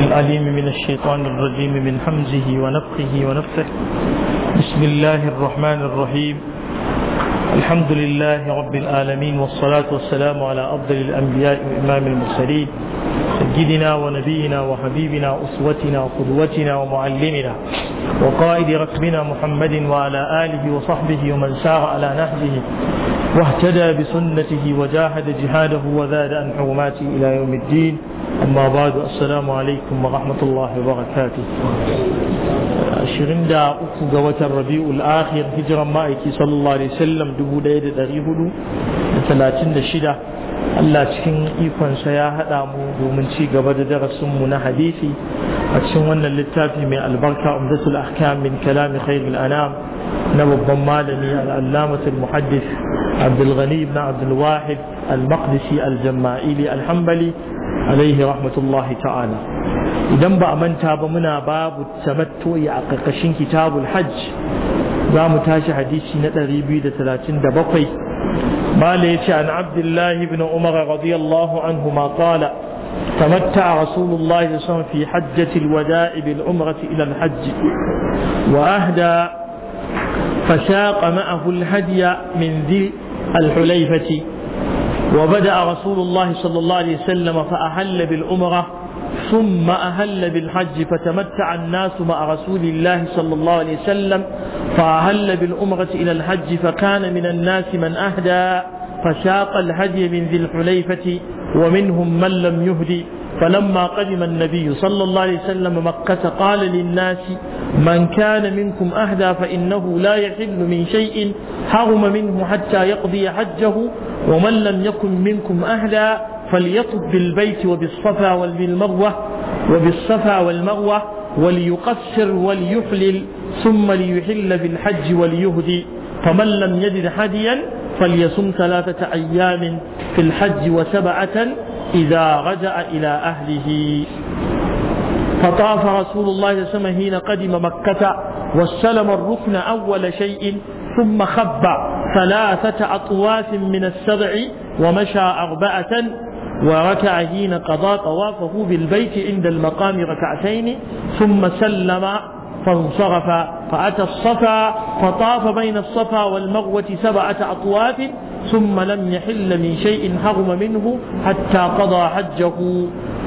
العليم من الشيطان الرجيم من حمزه ونفخه ونفسه بسم الله الرحمن الرحيم الحمد لله رب العالمين والصلاة والسلام على أفضل الأنبياء وإمام المرسلين سيدنا ونبينا وحبيبنا أسوتنا وقدوتنا ومعلمنا وقائد ركبنا محمد وعلى آله وصحبه ومن سار على نهجه واهتدى بسنته وجاهد جهاده وزاد عن حرماته إلى يوم الدين amma ba da assalamu alaikum wa rahmatullahi wa barakatu ashirin da uku ga watan rabi'ul akhir hijiran ma'aiki sallallahu alaihi wasallam dubu ɗaya da ɗari hudu da talatin da shida Allah cikin sa ya haɗa mu domin ci gaba da mu na hadisi a cikin wannan littafi mai albarka umdatul ahkam min kalam khair na babban malami al allamah muhaddis abdul ghani ibn abdul al maqdisi al jamaili al rahmatullahi alayhi ta'ala idan ba a manta ba muna babu tamattu'i a ƙarƙashin kitabul hajj za mu tashi hadisi na ɗari biyu da 237 ما ليش عن عبد الله بن عمر رضي الله عنهما قال تمتع رسول الله صلى الله عليه وسلم في حجة الوداع بالعمرة إلى الحج وأهدى فساق معه الهدي من ذي الحليفة وبدأ رسول الله صلى الله عليه وسلم فأحل بالعمرة ثم أهل بالحج فتمتع الناس مع رسول الله صلى الله عليه وسلم فأهل بالعمرة إلى الحج فكان من الناس من أهدى فشاق الهدي من ذي الحليفة ومنهم من لم يهدي فلما قدم النبي صلى الله عليه وسلم مكة قال للناس من كان منكم أهدى فإنه لا يحل من شيء حرم منه حتى يقضي حجه ومن لم يكن منكم أهدى فليطب بالبيت وبالصفا والمروة وبالصفا والمروة وليقصر وليحلل ثم ليحل بالحج وليهدي فمن لم يجد هديا فليصم ثلاثة أيام في الحج وسبعة إذا رجع إلى أهله فطاف رسول الله صلى الله عليه وسلم حين قدم مكة واستلم الركن أول شيء ثم خب ثلاثة أطواف من السبع ومشى أربعة وركع حين قضى طوافه بالبيت عند المقام ركعتين ثم سلم فانصرف فأتى الصفا فطاف بين الصفا والمروة سبعة أطواف ثم لم يحل من شيء حرم منه حتى قضى حجه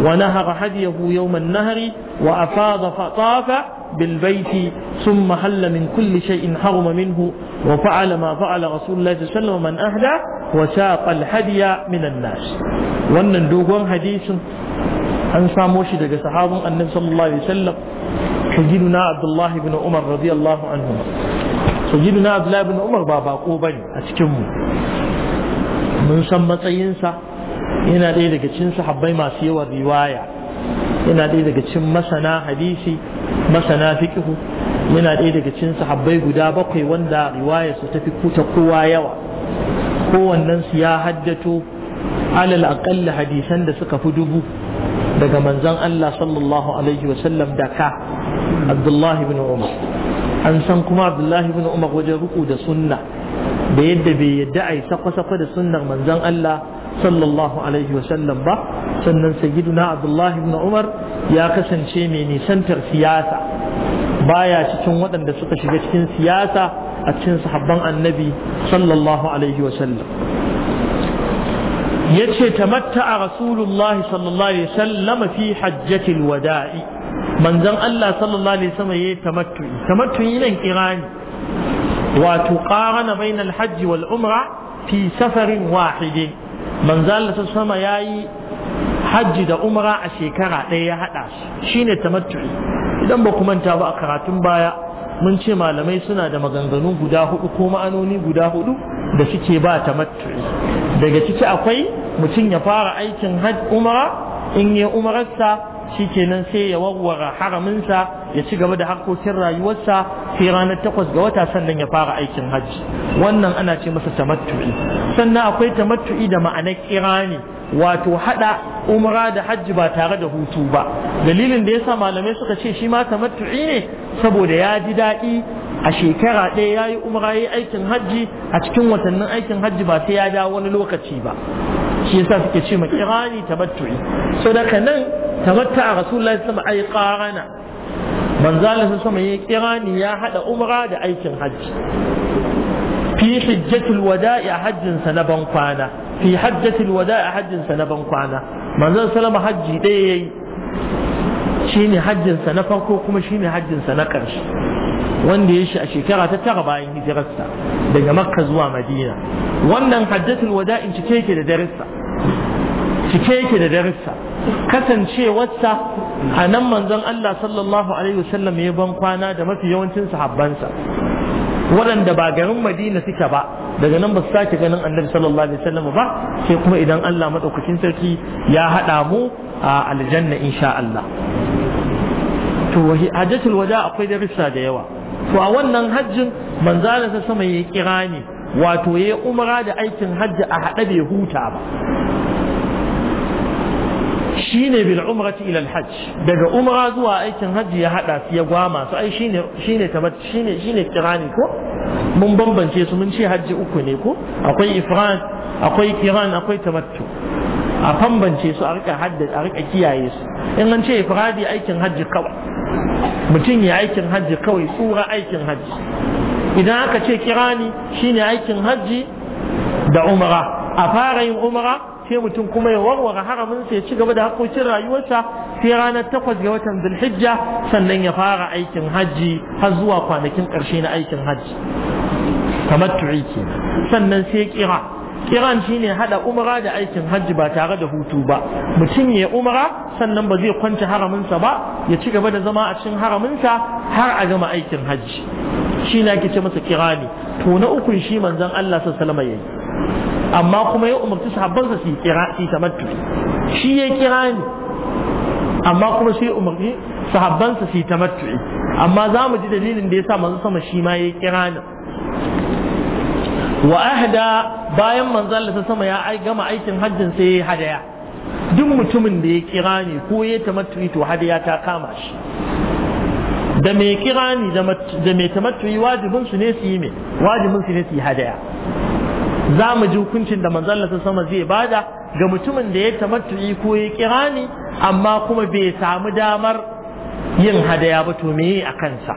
ونهر حديه يوم النهر وأفاض فطاف بالبيت ثم حل من كل شيء حرم منه وفعل ما فعل رسول الله صلى الله عليه وسلم من أهدى وساق الحدي من الناس وأن dogon حديث an samo shi daga النبي صلى الله عليه وسلم سيدنا عبد الله بن عمر رضي الله عنهما سيدنا عبد الله ba عمر بابا قوبني أتكمل mun san matsayinsa yana ɗaya daga cikin sahabbai masu yawan riwaya yana ɗaya daga cikin masana hadisi masana fiqhu yana ɗaya daga cin sahabbai guda bakwai wanda riwaya su tafi kuta kowa yawa Kowannensu su ya haddato alal aqalla hadisan da suka fi dubu daga manzon Allah sallallahu alaihi wasallam da ka Abdullahi bin Umar an san kuma Abdullahi bin Umar wajen ruku da sunna da yadda bai yadda ai sakwa-sakwa da sunnar manzon Allah sallallahu alaihi wasallam ba sannan sayyiduna Abdullahi bin Umar ya kasance mai nisantar siyasa baya cikin waɗanda suka shiga cikin siyasa a cikin sahabban annabi sallallahu alaihi wasallam yace tamatta'a rasulullahi sallallahu alaihi wasallam fi hajjatil wada'i manzon Allah sallallahu alaihi wasallam yayi tamattu'i tamattu'i nan kirani wato qarana bain al-hajj wal umra fi safarin wahidin manzon Allah sallallahu alaihi yayi hajji da umra a shekara ɗaya ya haɗa su shine tamattu'i idan ba ku manta ba a karatun baya mun ce malamai suna da maganganu guda hudu ko ma'anoni guda hudu da suke ba ta daga ciki akwai mutum ya fara aikin hajj umara in yi umararsa shi shikenan sai ya warware haraminsa ya ci gaba da harkokin rayuwarsa sai ranar takwas ga wata sannan ya fara aikin hajji wannan ana ce masa tamattu'i sannan akwai tamattu'i da ma'anar ne wato hada umra da hajji ba tare da hutu ba dalilin da yasa malamai suka ce shi ma tamattu'i ne saboda ya ji daɗi a shekara ɗaya ya yi umra ya yi aikin hajji a cikin watannin aikin hajji ba sai ya dawo wani lokaci ba shi yasa suke ce ma kirani tabattu'i so daga nan tamatta a rasulullahi sallallahu alaihi ai qarana manzo Allah sama ya kirani ya hada umra da aikin hajji fi hajjatul wada'i hajjin sa na ban kwana fi hajjatul wada'i hajjin sa na ban kwana manzo sallama hajji ɗaya yayi shine hajjin sa na farko kuma shine hajjin sa na ƙarshe wanda ya shi a shekara ta tara bayan hijirarsa daga makka zuwa madina wannan haddatul wada'in cike yake da darussa cike yake da darussa kasancewarsa a nan manzon Allah sallallahu alaihi wasallam ya ban kwana da mafi yawancin sahabbansa waɗanda ba garin madina suke ba daga nan ba su sake ganin annabi sallallahu alaihi wasallam ba sai kuma idan Allah madaukakin sarki ya haɗa mu a aljanna insha Allah to hajjatul wada akwai darussa da yawa to a wannan hajjin manzala sa sama ya kira ne wato ya umra da aikin hajji a haɗe bai huta ba shine bil umrati ila al hajj daga umra zuwa aikin hajji ya hada su ya gwama su ai shine shine tabat shine shine kirani ko mun bambance su mun ce hajji uku ne ko akwai ifrad akwai kiran akwai tamattu a bambance su a rika hadda a rika kiyaye su in an ce ifradi aikin hajji kawai mutum ya aikin hajji kawai tsura aikin hajji idan aka ce kirani shine aikin hajji da umara a fara yin umara sai mutum kuma ya warware haramin ya ci gaba da hakokin rayuwarsa sai ranar takwas ga watan zulhijja sannan ya fara aikin hajji har zuwa kwanakin ƙarshe na aikin hajji kamar tu'i sannan sai kira kiran shine haɗa umra da aikin hajji ba tare da hutu ba mutum ya umra sannan ba zai kwanta haraminsa ba ya ci gaba da zama a cikin haraminsa har a gama aikin hajji shi na ake ce masa kirani to na ukun shi manzon Allah sallallahu alaihi amma kuma ya umarci sahabbansa su kira su tamattu shi ya kirani amma kuma sai umarci sahabbansa su tamattu amma za mu ji dalilin da ya sa manzon sama shi ma ya kirani wa ahda bayan manzon Allah sama ya gama aikin hajjin sai ya hadaya duk mutumin da ya kira ni ko ya tamattu'i to hadaya ta kama shi da mai kira ni da mai tamattu'i wajibin su ne su yi me wajibin su ne su yi hadaya za mu ji hukuncin da manzon Allah sama zai bada ga mutumin da ya tamattu'i ko ya kira ni amma kuma bai samu damar yin hadaya ba to me a kansa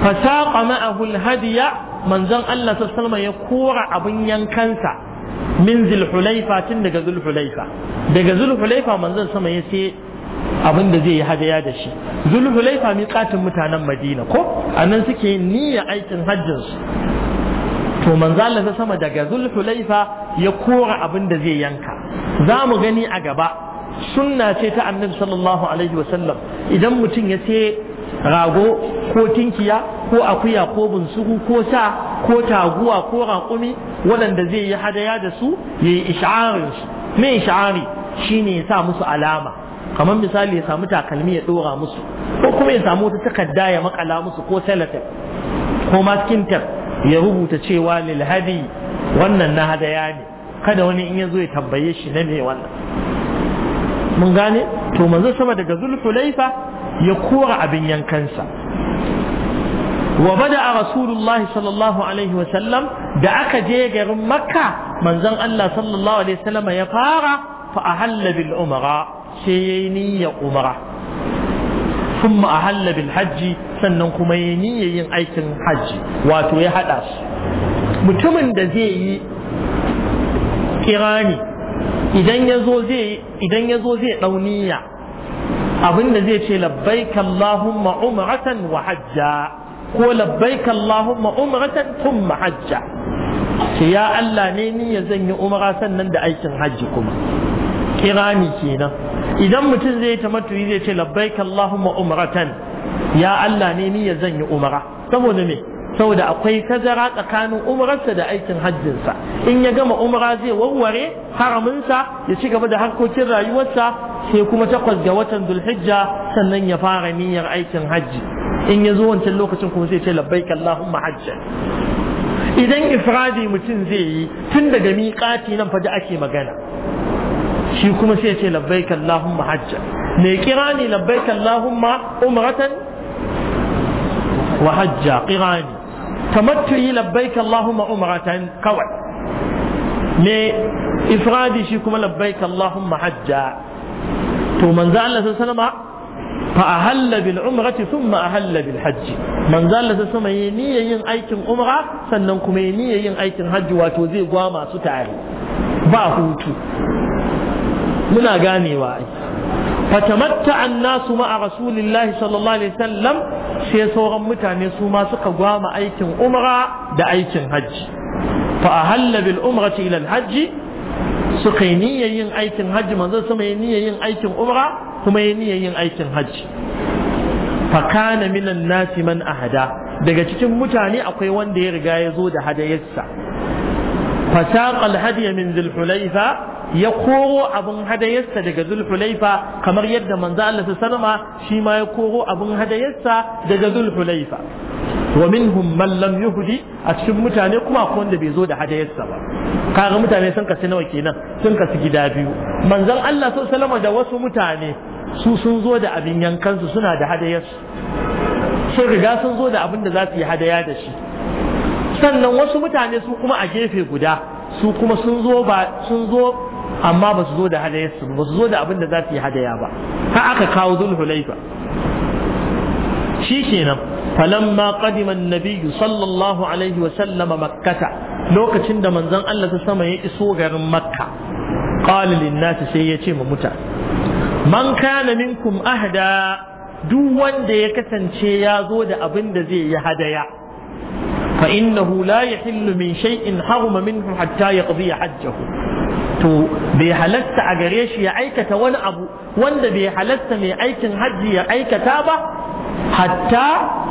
fasaqa ma'ahu al manzon Allah sallallahu alaihi ya kora abin yankansa min zulhulaifa tun daga zulhulaifa daga zulhulaifa manzon sama ya sai abin da zai yi hadaya da shi zulhulaifa miƙatin mutanen madina ko anan suke yin niyyar aikin hajjin su to manzon Allah ta sama daga zulhulaifa ya kora abin da zai yanka za mu gani a gaba sunna ce ta annabi sallallahu alaihi wasallam idan mutum ya ce rago ko tinkiya ko akuya ko bunsuru ko sa ko taguwa ko raƙumi waɗanda zai yi hadaya da su ya yi isha'arin su isha'ari shine ya sa musu alama kamar misali ya samu takalmi ya ɗora musu ko kuma ya samu wata takarda ya makala musu ko salatin ko maskin tab ya rubuta cewa lil wannan na hadaya ne kada wani in ya zo ya tambaye shi na me wannan mun gane to manzo sama daga zulhulaifa ya kora abin yankansa wa bada rasulullahi sallallahu alaihi wasallam da aka je garin makka manzon Allah sallallahu alaihi wasallam ya fara fa ahalla bil umara sai yayi niyyar umra thumma ahalla bil hajji sannan kuma yayi niyyar yin aikin hajji wato ya hada su mutumin da zai yi kirani idan ya zo zai idan ya zo zai dauniya abinda zai ce labbaika Allahumma umratan wa hajja ko labbaika Allahumma umratan thumma hajja ce ya Allah ne ni ya zan yi umra sannan da aikin hajji kuma kirani kenan idan mutum zai ta matuyi zai ce labbaika Allahumma umratan ya Allah ne ni ya zan yi umra saboda me saboda akwai tazara tsakanin umrarsa da aikin hajjinsa in ya gama umra zai warware haraminsa ya ci gaba da harkokin rayuwarsa sai kuma takwas ga watan zulhijja sannan ya fara niyyar aikin hajji in ya zo wancan lokacin kuma sai ce labbaik allahumma hajja idan ifradi mutum zai yi tun daga miƙati nan fa ake magana shi kuma sai ce labbaik allahumma hajja me kira ne labbaik umratan wa hajja qirani tamattu'i labbaika Allahumma umratan kawai me ifradi shi kuma labbaika Allahumma hajja to manzo Allah sallallahu alaihi fa ahalla bil umrati thumma ahalla bil hajji manzo Allah sallallahu alaihi yin aikin umra sannan kuma yayi niyyar yin aikin hajji wato zai gwama su tare ba hutu muna ganewa ai فتمتع الناس مع رسول الله صلى الله عليه وسلم sai sauran mutane su ma suka gwama aikin umra da aikin hajji fa a bil umrati ila al hajji suka yi niyyar yin aikin hajji manzo sama yi niyyar yin aikin umra kuma yi niyyar yin aikin hajji fa kana minan nasi man ahada daga cikin mutane akwai wanda ya riga ya zo da hadayarsa fa saqa al hadiya min dhul hulaifa ya koro abin hadayarsa daga zulhulaifa kamar yadda manzo Allah sallama shi ma ya koro abin hadayarsa daga zulhulaifa wa minhum man lam yuhdi a cikin mutane kuma akwai wanda bai zo da hadayarsa ba kaga mutane sun kasu nawa kenan sun kasu gida biyu manzo Allah sallama da wasu mutane su sun zo da abin yankansu suna da hadayarsu sun riga sun zo da abin da za su yi hadaya da shi sannan wasu mutane su kuma a gefe guda su kuma sun zo ba sun zo amma ba su zo da hadayarsu ba su zo da abin da za su yi hadaya ba har aka kawo zulhulaifa shi kenan falamma qadima nabiyyu nabiy sallallahu alaihi wa sallama makkata lokacin da manzon Allah ta sama ya iso garin makka qala lin sai ya ce ma muta man kana minkum ahda duk wanda ya kasance ya zo da abin da zai yi hadaya fa innahu la yahillu min shay'in haruma minhu hatta yaqdi hajjahu to bai halatta a gare shi ya aikata wani abu wanda bai halatta mai aikin hajji ya aikata ba hatta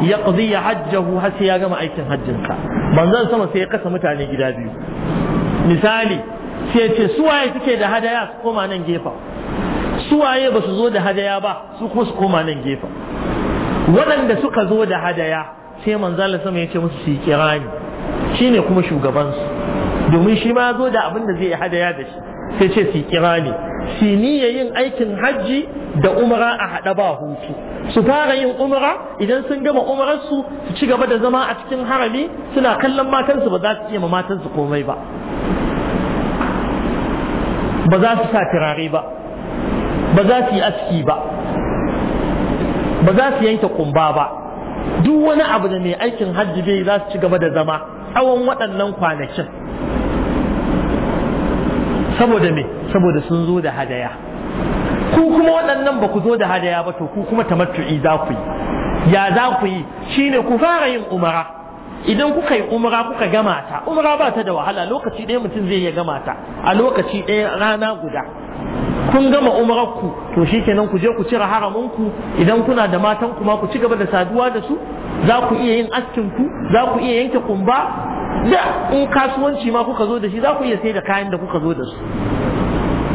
ya ya hajjahu har sai ya gama aikin hajjinka zan sama sai ya kasa mutane gida biyu misali sai ce suwaye suke da hadaya su koma nan gefa suwaye ba su zo da hadaya ba su kuma su koma nan gefa waɗanda suka zo da hadaya sai manzon sama ya ce musu su yi kirani shine kuma shugabansu domin shi ma zo da abin da zai hadaya da shi sai ce su kira ne su niyya yin aikin hajji da umara a haɗa ba hutu su fara yin umara idan sun gama umararsu su ci gaba da zama a cikin harami suna kallon matansu ba za su iya ma matansu komai ba ba za su sa turare ba ba za su yi aski ba ba za su yanke kumba ba duk wani abu da mai aikin hajji bai za su ci gaba da zama tsawon waɗannan kwanakin saboda me saboda sun zo da hadaya ku kuma waɗannan ba ku zo da hadaya ba to ku kuma tamattu'i za ku yi ya za ku yi shine ku fara yin umara idan kuka yi umra kuka gama ta umra ba ta da wahala lokaci ɗaya mutum zai iya gama ta a lokaci ɗaya rana guda kun gama umra-ku to shikenan ku je ku cire ku idan kuna da matan kuma ku ci gaba da saduwa da su za ku iya yin askin ku za ku iya yanke kumba da in kasuwanci ma kuka zo da shi za ku iya sai da kayan da kuka zo da su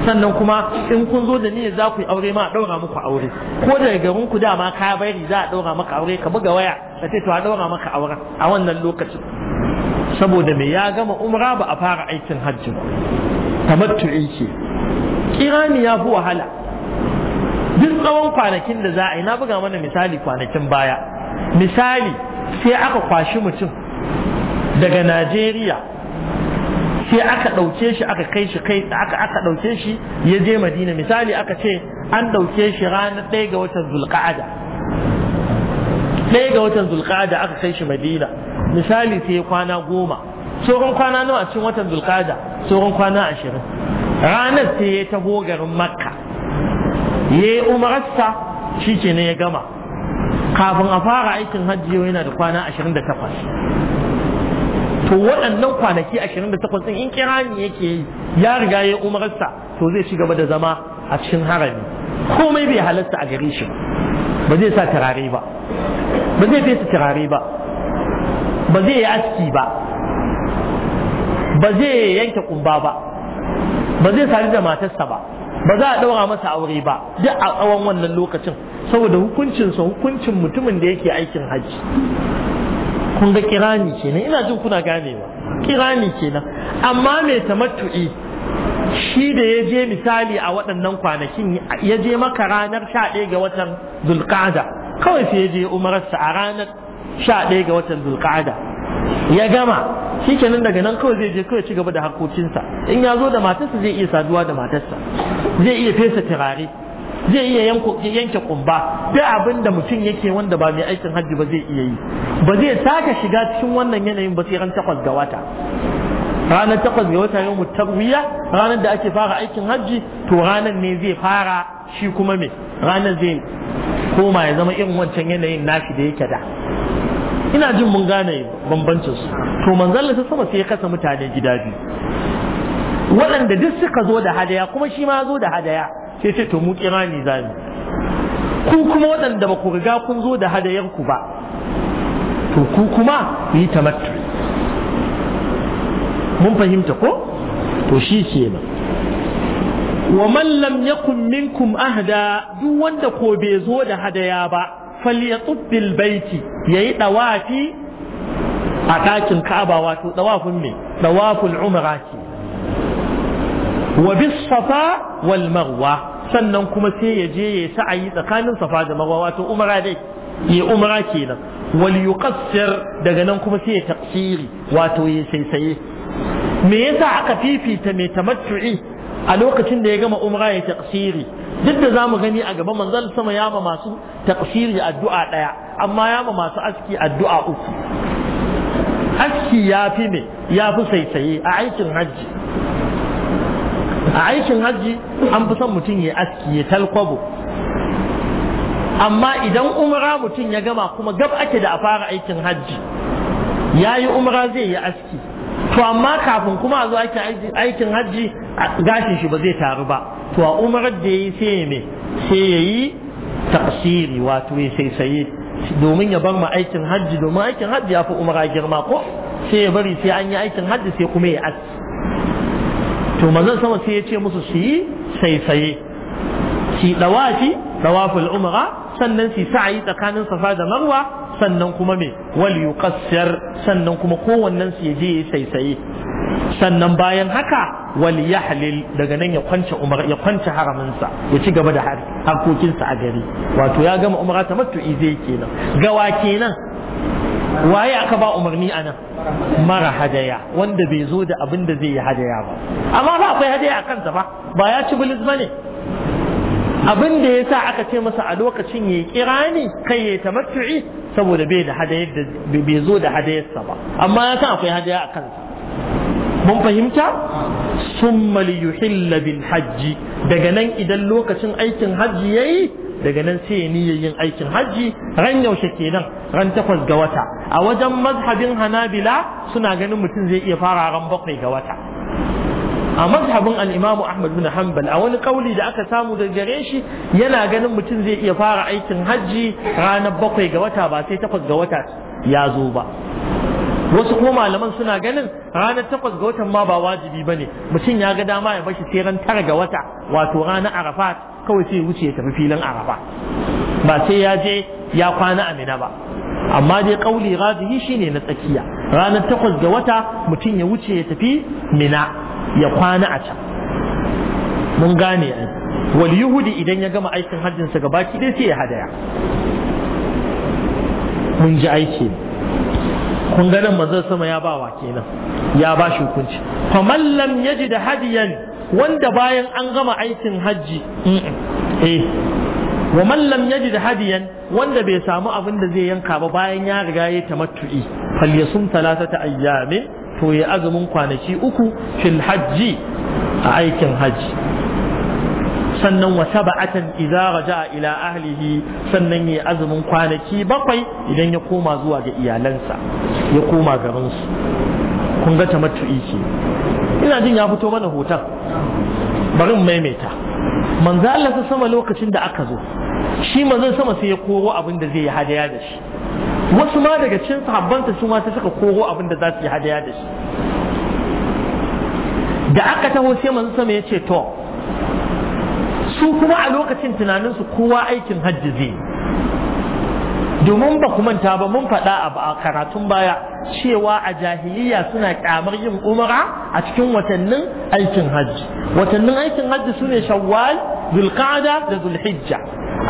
sannan kuma in kun zo da ni za ku yi aure ma a ɗaura muku aure ko daga garin ku dama ka bari za a ɗaura maka aure ka buga waya ka ce to a ɗaura maka aure a wannan lokacin saboda me ya gama umra ba a fara aikin hajji ba tamattu'i ce kirani ya fi wahala duk tsawon kwanakin da za a yi na buga mana misali kwanakin baya misali sai aka kwashi mutum daga najeriya sai aka ɗauke shi aka kai shi kai aka aka ɗauke shi ya je madina misali aka ce an ɗauke shi ranar ɗaya ga watan zulqa'ada ɗaya ga watan zulqa'ada aka kai shi madina misali sai kwana goma tsoron kwana nawa a cikin watan zulqa'ada tsoron kwana ashirin ranar sai ya taho garin makka ya yi umarasta, shi ne ya gama kafin a fara aikin hajji yana da kwana ashirin da takwas to waɗannan kwanaki 28 ɗin in kirani yake yi ya riga ya umarsa to zai ci gaba da zama a cikin harami komai bai halarta a gare shi ba ba zai sa turare ba ba zai fesa turare ba ba zai yi aski ba ba zai yanke kumba ba ba zai sadu da matarsa ba ba za a ɗaura masa aure ba duk a tsawon wannan lokacin saboda hukuncinsa hukuncin mutumin da yake aikin hajji kun ga kirani kenan ina jin kuna ganewa kirani kenan amma mai tamattu'i shi da ya je misali a waɗannan kwanakin ya je maka ranar 11 ga watan zulqa'ada kawai sai ya je umararsa a ranar 11 ga watan zulqa'ada ya gama shi kenan daga nan kawai zai je kawai ci gaba da harkokinsa in ya zo da matarsa zai iya saduwa da matarsa zai iya fesa turare zai iya yanke kumba duk abinda mutum yake wanda ba mai aikin hajji ba zai iya yi ba zai sake shiga cikin wannan yanayin ba sai ran takwas ga wata ranar takwas ga wata yau tarwiya ranar da ake fara aikin hajji to ranar ne zai fara shi kuma me ranar zai koma ya zama irin wancan yanayin nashi da yake da ina jin mun gane bambancin su to manzon Allah sama sai ya kasa mutane gida biyu waɗanda duk suka zo da hadaya kuma shi ma zo da hadaya sai ce to mu kirani za mu ku kuma waɗanda ba ku riga kun zo da hadayar ba to ku kuma ku yi tamattu mun fahimta ko to shi ba. wa man lam yakun minkum ahda duk wanda ko bai zo da hadaya ba falyatub bil baiti yayi dawafi a ɗakin Ka'aba wato dawafin me dawaful umra wa bis safa wal marwa sannan kuma sai ya je ya ayi tsakanin safa da marwa wato umra dai ya umra kenan wal yuqassir daga nan kuma sai ya taqsiri wato ya saisaye me yasa aka fifita mai tamattu'i a lokacin da ya gama umra ya taqsiri duk da zamu gani a gaba manzon sama ya ma masu taqsiri addu'a daya amma ya ma masu aski addu'a uku aski ya fi me ya fi saisaye a aikin hajji a aikin hajji an fi son mutum ya aski ya talkwabo amma idan umra mutum ya gama kuma gab ake da a fara aikin hajji ya yi umra zai yi aski to amma kafin kuma a zo aikin hajji gashin shi ba zai taru ba to a umrar da ya yi sai ya me sai ya yi tasiri wato ya sai saye domin ya bar ma aikin hajji domin aikin hajji ya fi umra girma ko sai ya bari sai an yi aikin hajji sai kuma ya aski to manzon sama sai ya ce musu su yi saisaye su dawafi dawaful umra sannan su sa'ayi tsakanin safa da marwa sannan kuma me wal yuqassir sannan kuma kowannen su je saisaye sannan bayan haka wal yahlil daga nan ya kwance umar ya kwance haraminsa ya ci gaba da harkokinsa a gari wato ya gama umra ta matu'i zai kenan gawa kenan waye aka ba umarni a nan mara hadaya wanda bai zo da abin da zai yi hadaya ba amma ba akwai hadaya a kansa ba ba ya ci bilis ba ne abin da ya sa aka ce masa a lokacin ya kira ni kai ya tamattu'i saboda bai da hadayar da bai zo da hadayarsa ba amma ya san akwai hadaya a kansa mun fahimta summa yuhilla bil hajji daga nan idan lokacin aikin hajji yayi daga nan sai ya niyyar yin aikin hajji ran yaushe kenan ran takwas ga wata a wajen mazhabin hanabila suna ganin mutum zai iya fara ran bakwai ga wata a mazhabin al'imamu ahmad bin hanbal a wani kauli da aka samu daga gare shi yana ganin mutum zai iya fara aikin hajji ranar bakwai ga wata ba sai takwas ga wata ya zo ba wasu kuma malaman suna ganin ranar takwas ga watan ma ba wajibi ba ne mutum ya ga dama ya bashi sai ran tara ga wata wato ranar arafa kawai sai wuce ya tafi filin arafa ba sai ya je ya kwana a Minna ba amma dai kauli razihi shine na tsakiya ranar takwas ga wata mutum ya wuce ya tafi mina ya kwana a can mun gane ai wal yuhudi idan ya gama aikin hajjinsa gabaki ɗaya sai ya hadaya mun ji aiki kun ga nan manzon sama ya bawa kenan ya ba shi hukunci faman lam yajid hadiyan wanda bayan an gama aikin hajji mm, mm, eh wa man lam yajid hadiyan wanda bai samu abin da zai yanka ba bayan ya riga ya tamattu'i yasum thalathata ayyamin to ya azumin kwanaki uku fil hajji a aikin hajji sannan wa sab'atan idza raja'a ila ahlihi sannan azumin kwanaki bakwai idan ya koma zuwa ga iyalansa ya koma garin su kun ga ce ina jin ya fito mana hoton bari mu maimaita manzo Allah sama lokacin da aka zo shi manzo sama sai ya koro abin da zai yi hadaya da shi wasu ma daga cikin sahabbanta su ma sai suka koro abin da za su yi hadaya da shi da aka taho sai manzo sama ya ce to su kuma a lokacin tunaninsu kowa aikin hajji zai domin ba ku manta ba mun faɗa a karatun baya cewa a jahiliya suna ƙyamar yin umara a cikin watannin aikin hajji watannin aikin hajji sune shawwal zulkada da zulhijja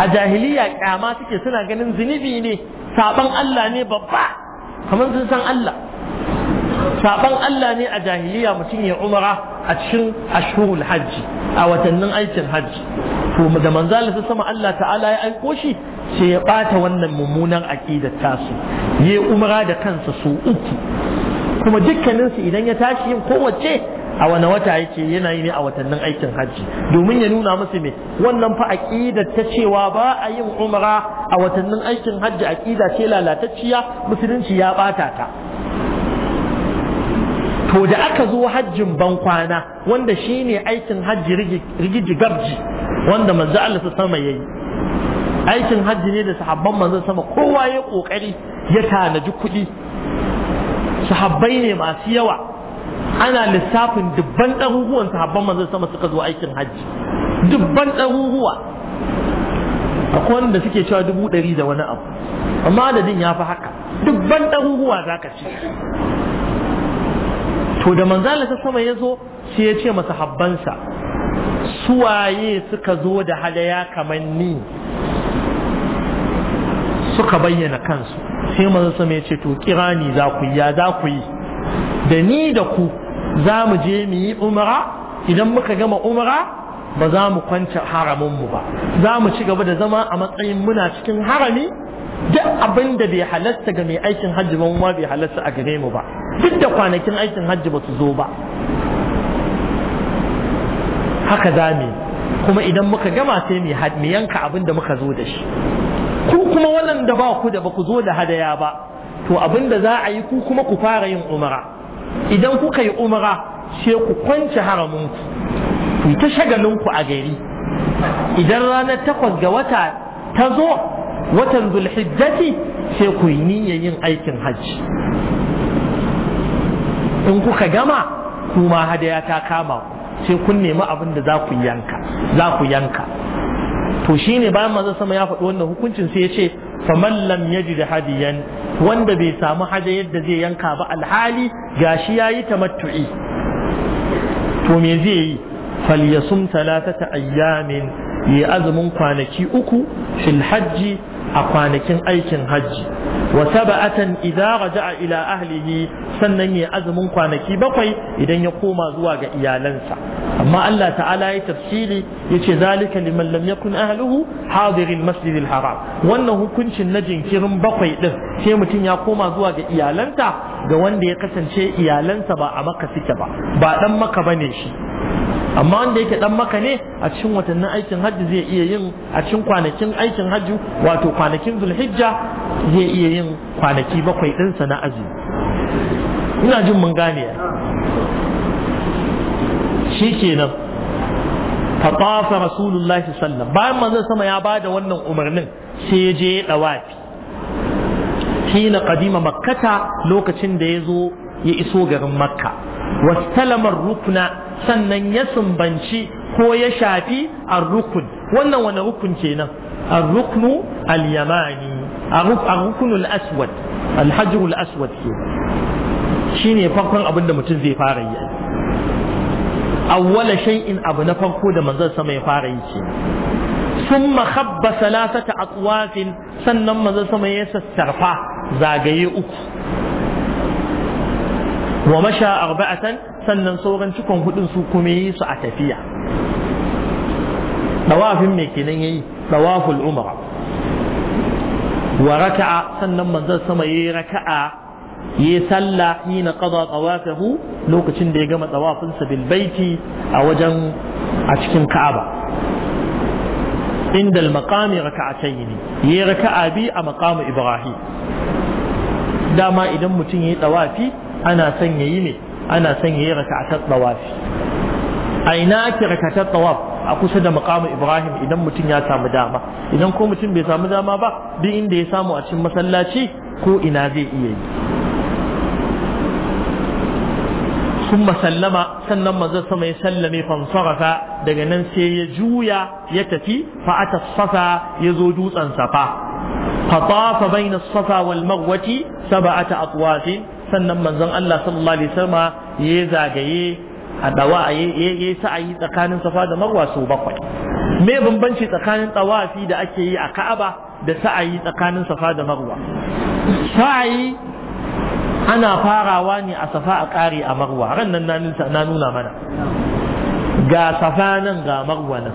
a jahiliya kyama suke suna ganin zunubi ne saban Allah ne babba kamar sun san Allah saban Allah ne a jahiliya mutum ya umara a cikin ashhurul hajji a watannin aikin hajji to da manzo Allah sama Allah ta'ala ya aiko shi sai ya bata wannan mummunan aqidar tasu ya umara da kansa su uku kuma dukkaninsu idan ya tashi yin kowace a wani wata yake yana yi ne a watannin aikin hajji domin ya nuna musu me wannan fa aqidar ta cewa ba a yin umra a watannin aikin hajji aqida ce lalatacciya musulunci ya bata ta to da aka zo hajjin ban kwana wanda ne aikin hajji rigiji gabji wanda manzo Allah sama ya yi. aikin hajji ne da sahabban manzo sama kowa ya kokari ya tanaji kuɗi sahabbai ne masu yawa ana lissafin dubban ɗaruruwan sahabban manzo sama suka zo aikin hajji dubban a akwai wanda suke cewa dubu ɗari da wani abu amma adadin ya fi haka dubban ɗaruruwa za ka ce to da manzala ta sama ya zo sai ya ce masa habbansa suwaye suka zo da hadaya kamar ni suka bayyana kansu sai manzo sama ya ce to kirani za ku ya za ku yi da ni da ku za mu je mu yi umara idan muka gama umara ba za mu kwance mu ba za mu ci gaba da zama a matsayin muna cikin harami duk abin da bai halasta ga mai aikin hajji ba ma bai halasta a gare mu ba duk da kwanakin aikin hajji ba su zo ba haka za mu kuma idan muka gama sai mu yanka abin da muka zo da shi ku kuma waɗanda ba ku da ba ku zo da hadaya ba to abin da za a yi ku kuma ku fara yin umara idan kuka yi umara sai ku kwance haramin ku ta shagalinku a gari idan ranar takwas ga wata ta zo watan zulhijjati sai ku yi niyyar yin aikin hajji in kuka gama kuma hadaya ta kama ku sai kun nemi abin da za ku yanka za ku yanka to shine bayan manzon sama ya faɗi wannan hukuncin sai ya ce faman lam yajid hadiyan wanda bai samu hada yadda zai yanka ba alhali gashi yayi tamattu'i to me zai yi falyasum talatata ayyamin yi azumin kwanaki uku fil hajji a kwanakin aikin hajji wa saba'atan idza raja'a ila ahlihi sannan ya azumin kwanaki bakwai idan ya koma zuwa ga iyalansa amma Allah ta'ala ya tafsiri yace zalika liman lam yakun ahluhu hadiril masjidil haram wannan hukuncin na jinkirin bakwai din sai mutum ya koma zuwa ga iyalansa ga wanda ya kasance iyalansa ba a maka suke ba ba dan maka bane shi amma wanda yake dan maka ne a cikin watannin aikin hajji zai iya yin a cikin kwanakin aikin hajji wato kwanakin zulhijja zai iya yin kwanaki bakwai ɗinsa na azumi ina jin mun gane shi kenan fatafa rasulullahi sallam bayan manzo sama ya bada wannan umarnin sai ya je dawafi hina kadima makkata lokacin da ya zo ya iso garin makka wastalama rukna sannan ya sumbanci ko ya shafi ar-rukun wannan wani rukun kenan ar-ruknu al-yamani ar-ruknu al-aswad al-hajr al-aswad ke shine farkon abin da mutum zai fara yi awwala shay'in abu na farko da manzon sama ya fara yi ce ثم خب ثلاثة أطواف سنن مزا سما يسسترفع زاغي أكو ومشى أربعة sannan sauran cikon hudun su kuma yi su a tafiya dawafin me kenan yayi dawaful umra wa raka'a sannan manzon sama yayi raka'a yayi sallah hina qada tawafahu lokacin da ya gama tawafinsa bil baiti a wajen a cikin Ka'aba inda al-maqami raka'atayn yayi raka'a bi a maqamu Ibrahim dama idan mutum yayi tawafi ana son yayi ne ana son yi rakatar tawafi a ina ake rakatar tawaf a kusa da makamu ibrahim idan mutum ya samu dama idan ko mutum bai samu dama ba duk inda ya samu a cikin masallaci ko ina zai iya yi sun sallama sannan maza sama ya sallame fansarafa daga nan sai ya juya ya tafi fa safa ya zo dutsen safa fa tafa baina safa wal marwati sab'ata atwafin sannan manzon Allah sallallahu alaihi wasallam ya zagaye a dawa ya sa'ayi tsakanin safa da marwa sau bakwai me bambanci tsakanin tawafi da ake yi a Ka'aba da sa'ayi tsakanin safa da marwa sa'ayi ana farawa ne a safa a kare a marwa ran nan na nuna mana ga safa nan ga marwa nan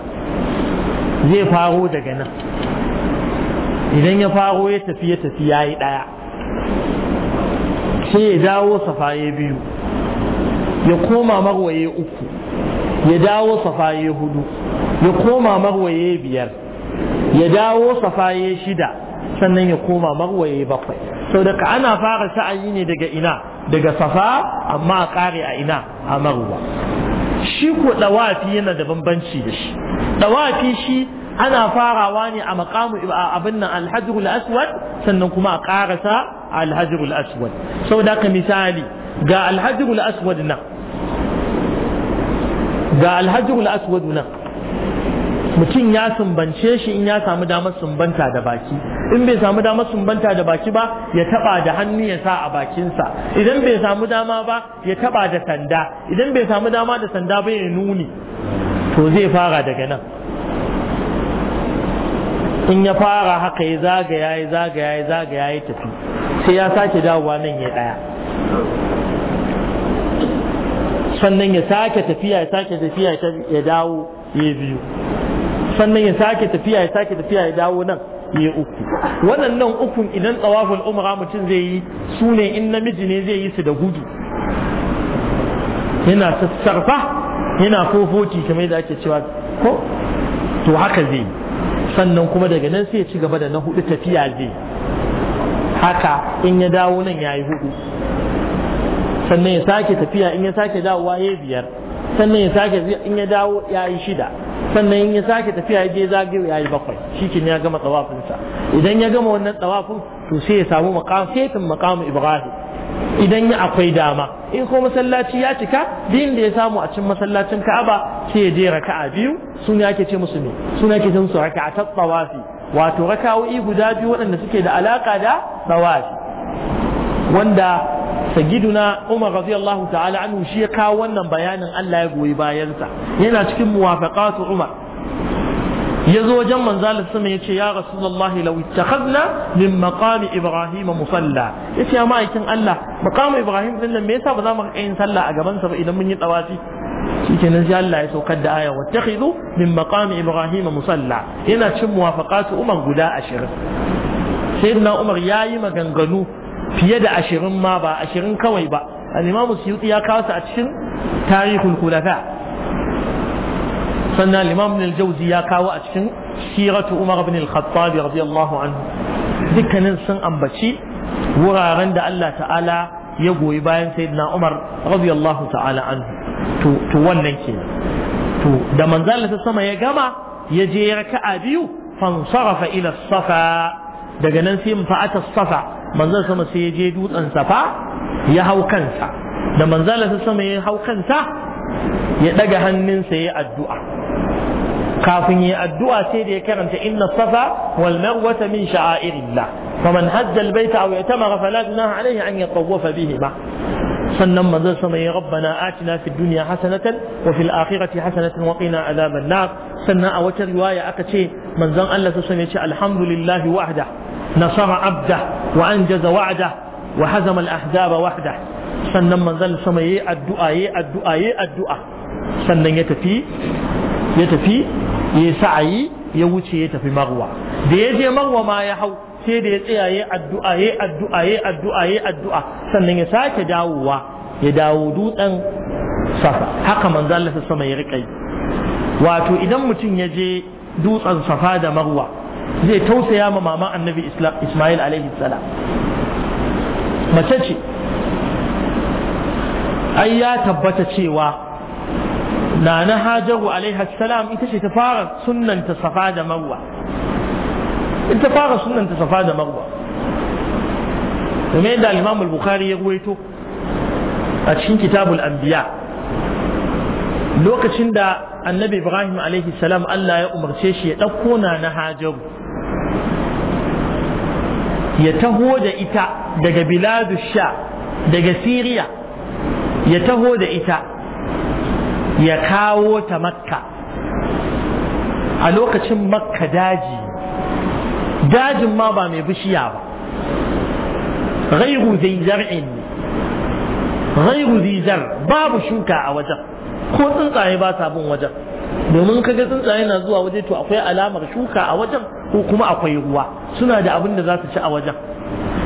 zai faro daga nan idan ya faro ya tafi ya tafi ya yi ɗaya sai ya dawo safaye biyu ya koma marwaye uku ya dawo safaye hudu ya koma marwaye biyar ya dawo safaye shida sannan ya koma marwaye bakwai sau daga ana fara sa'ayi ne daga ina daga safa amma a kare a ina a marwa shi ko dawafi yana da bambanci da shi dawafi shi ana farawa ne a maqamu abin nan alhajrul aswad sannan kuma a karasa alhajrul aswad saboda ka misali ga alhajrul aswad nan ga alhajrul aswad nan mutum ya sumbance shi in ya samu damar sumbanta da baki in bai samu damar sumbanta da baki ba ya taba da hannu ya sa a bakinsa idan bai samu dama ba ya taba da sanda idan bai samu dama da sanda ba ya nuni to zai fara daga nan in ya fara haka ya zagaya ya zagaya ya zagaya ya tafi sai ya sake dawowa nan ya daya sannan ya sake tafiya ya sake tafiya ya dawo ya biyu sannan ya sake tafiya ya sake tafiya ya dawo nan ya uku waɗannan ukun idan tsawafin umara mutum zai yi su ne in namiji ne zai yi su da gudu yana sassarfa yana 440 kamar da ake cewa ko to haka zai yi sannan kuma daga nan sai ya ci gaba da na hudu tafiya zai haka in ya dawo nan ya yi hudu sannan ya sake tafiya in ya sake dawowa ya biyar sannan ya sake in ya dawo ya yi shida sannan in ya sake tafiya ya je zagayo ya yi bakwai shi ke ya gama tsawafinsa idan ya gama wannan tsawafin to sai ya samu maqam setin ibrahim idan ya akwai dama in ko masallaci ya cika din da ya samu a cikin masallacin Ka'aba sai ya je raka'a biyu sun yake ce musu ne suna yake ce musu raka'a ta wato raka'o'i guda biyu waɗanda suke da alaka da tsawafi. wanda sagiduna Umar radiyallahu ta'ala anhu shi ya kawo wannan bayanin Allah ya goyi bayansa yana cikin muwafaqatu Umar ya zo wajen manzalin sama ya ce ya rasulullahi law ittakhadna min maqami ibrahim musalla ya ce ya ma'aikin Allah maqamu ibrahim din me yasa ba za mu ga yin sallah a gaban sa ba idan mun yi tawafi shikenan sai Allah ya saukar da aya wattakhidhu min maqami ibrahim musalla yana cin muwafaqatu umar guda 20 sayyidina umar yayi maganganu fiye da ashirin ma ba 20 kawai ba al-imamu suyuti ya kawo a cikin tarihul khulafa sannan limam al-jawzi ya kawo a cikin siratu umar ibn al-khattab radiyallahu anhu dukkanin sun ambaci wuraren da Allah ta'ala ya goyi bayan sayyidina umar radiyallahu ta'ala anhu to to wannan kenan to da manzo Allah ya gama ya je a biyu fansarafa ila safa daga nan sai fa'ata safa manzo sai ya je dutsen safa ya hau da ya hau ya daga hannunsa ya addu'a kafin ya addu'a sai da ya karanta inna safa wal marwata min sha'airillah faman hajja al baita aw yatamara fala junaha alayhi an bihi bihima sannan manzon sama ya rabbana atina fid dunya hasanatan wa fil akhirati hasanatan wa qina adhaban nar sannan a wata riwaya aka ce manzon Allah sai alaihi ya ce alhamdulillah wahda nasara abda wa anjaza wa'da wa hazama al ahzaba wahda sannan manzon sama ya yi addu'a ya yi addu'a ya yi addu'a sannan ya tafi ya tafi ya sa'ayi ya wuce ya tafi marwa da ya je marwa ma ya hau sai da ya tsaya ya addu'a ya yi addu'a ya yi addu'a ya yi addu'a sannan ya sake dawowa ya dawo dutsen safa haka manzan Allah sama ya rika yi wato idan mutum ya je dutsen safa da marwa zai tausaya ma mama annabi Isma'il alaihi salam mace ce An ya tabbata cewa na na hajaru alaiha ita ce ta fara sunnanta safa da marwa ita fara sunnanta safa da marwa domin da al-imam al-bukhari ya ruwaito a cikin kitabul anbiya lokacin da annabi ibrahim alaihi salam Allah ya umarce shi ya ɗauko na na hajaru ya taho da ita daga biladu sha daga siriya ya taho da ita ya kawo ta makka a lokacin makka daji dajin ma ba mai bishiya ba غير zai زرع غير zai زرع babu shuka a wajen ko tsuntsaye ba sa wajen domin kaga tsuntsaye na zuwa waje to akwai alamar shuka a wajen ko kuma akwai ruwa suna da abin da za su ci a wajen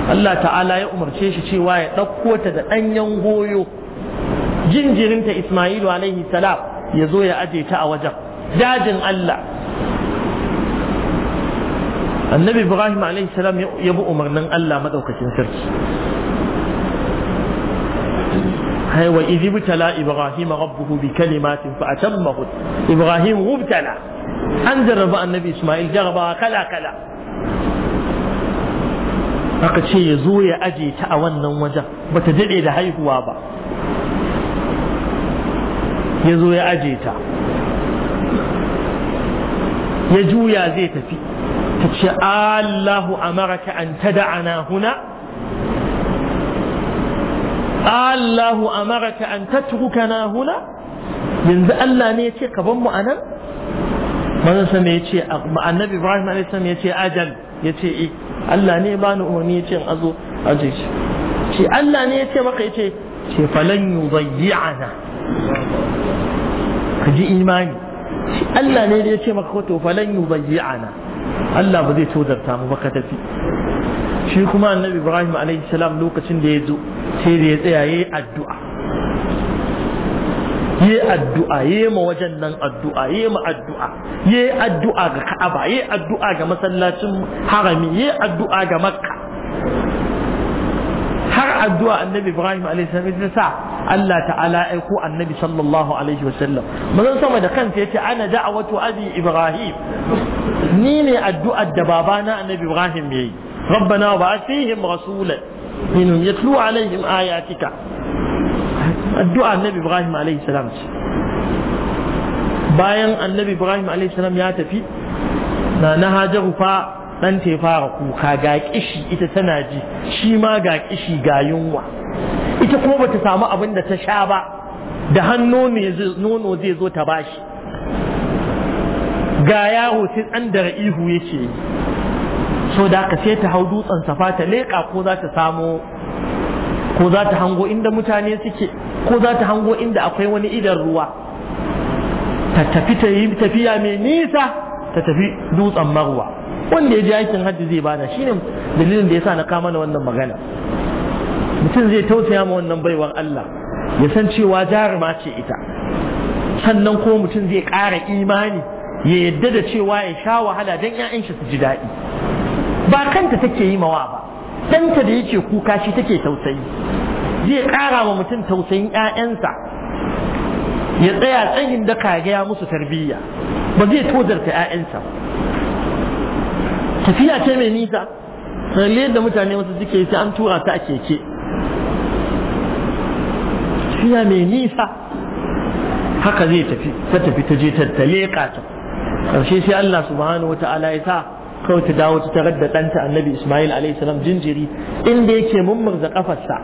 Allah ta'ala ya umarce shi cewa ya ɗauko ta da ɗanyen goyo jinjirinta Ismailu alaihi salam ya zo ya aje ta a wajen dajin Allah annabi Ibrahim alaihi salam ya bi umarnin Allah madaukakin sarki hai wa idhi butala Ibrahim rabbuhu bi kalimatin fa atammahu Ibrahim mubtala an jarraba annabi Ismail jarraba kala kala aka ce ya zo ya aje ta a wannan wajen bata dade da haihuwa ba ya zo ya aje ta ya juya zai tafi ta ce Allahu amaraka an tada'ana huna Allahu amaraka an tatrukana huna yanzu Allah ne ya ce ka mu anan manzon sa ya ce annabi Ibrahim alayhi salam ya ce ajal ya ce e, Allah ne ba ni umarni ya ce in azo aje shi ce Allah ne ya ce maka ya ce ce falan yudayyana ka ji imani Allah ne da ya ce maka wato falan yubayyi'ana Allah ba zai tozarta mu ba ka tafi shi kuma annabi Ibrahim alaihi salam lokacin da ya zo sai da ya tsaya yi addu'a yi addu'a yi ma wajen nan addu'a yi ma addu'a yi addu'a ga Ka'aba yi addu'a ga masallacin harami yi addu'a ga Makka har addu'a annabi ibrahim alaihi salam sa Allah ta'ala aiko annabi sallallahu alaihi wasallam manzon sama da kansa yace ana da'awatu abi ibrahim ni ne addu'ar da babana annabi ibrahim yayi rabbana wa ba'athihim rasulan minhum yatlu alaihim ayatika addu'a annabi ibrahim alaihi salam bayan annabi ibrahim alaihi salam ya tafi na na hajaru fa ɗanta ya fara kuka ga kishi ita tana ji shi ma ga kishi ga yunwa ita kuma bata samu abin da ta sha ba da hannu ne nono zai zo ta bashi ga yaro sai ɗan da ihu yake ce so da ka sai ta hau dutsen safa ta leƙa ko za ta samo ko za ta hango inda mutane suke ko za ta hango inda akwai wani idan ruwa ta tafi ta yi tafiya mai nisa ta tafi dutsen marwa wanda ya ji aikin hajji zai bada shine dalilin da ya sa na kama na wannan magana mutum zai tausaya ma wannan baiwar Allah ya san cewa jaruma ce ita sannan ko mutum zai ƙara imani ya yadda da cewa ya sha wahala don ‘ya'yan shi su ji daɗi ba kanta take yi mawa ba ɗanta da yake kuka shi take tausayi zai ƙara wa mutum tausayin ‘ya'yansa ya tsaya tsayin da ya musu tarbiyya ba zai tozarta ‘ya'yansa tafiya ce mai nisa lalle yadda mutane wasu suke sai an tura ta a keke tafiya mai nisa haka zai tafi ta tafi ta je ta ta ƙarshe sai Allah subhanahu wa ta'ala ya sa kawai ta dawo ta tarar da ɗanta annabi Ismail alaihi salam jinjiri inda yake mummurza kafarsa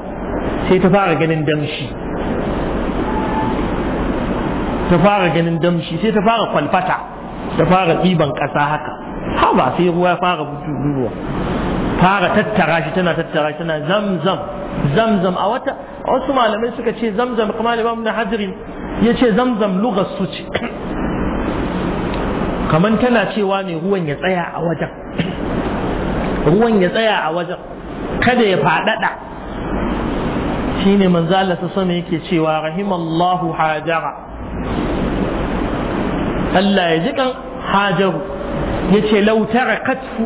sai ta fara ganin damshi ta fara ganin damshi sai ta fara kwalfata ta fara ɗiban ƙasa haka ha ba sai ruwa fara butuwa fara tattara shi tana tattara shi tana zamzam zamzam a wata wasu malamai suka ce zamzam kuma limam na hajiri ya ce zamzam lugar su ce kamar tana cewa ne ruwan ya tsaya a wajen ruwan ya tsaya a wajen kada ya faɗaɗa shi ne manzala ta sama yake cewa rahimallahu hajara Allah ya ji kan hajaru yace law katku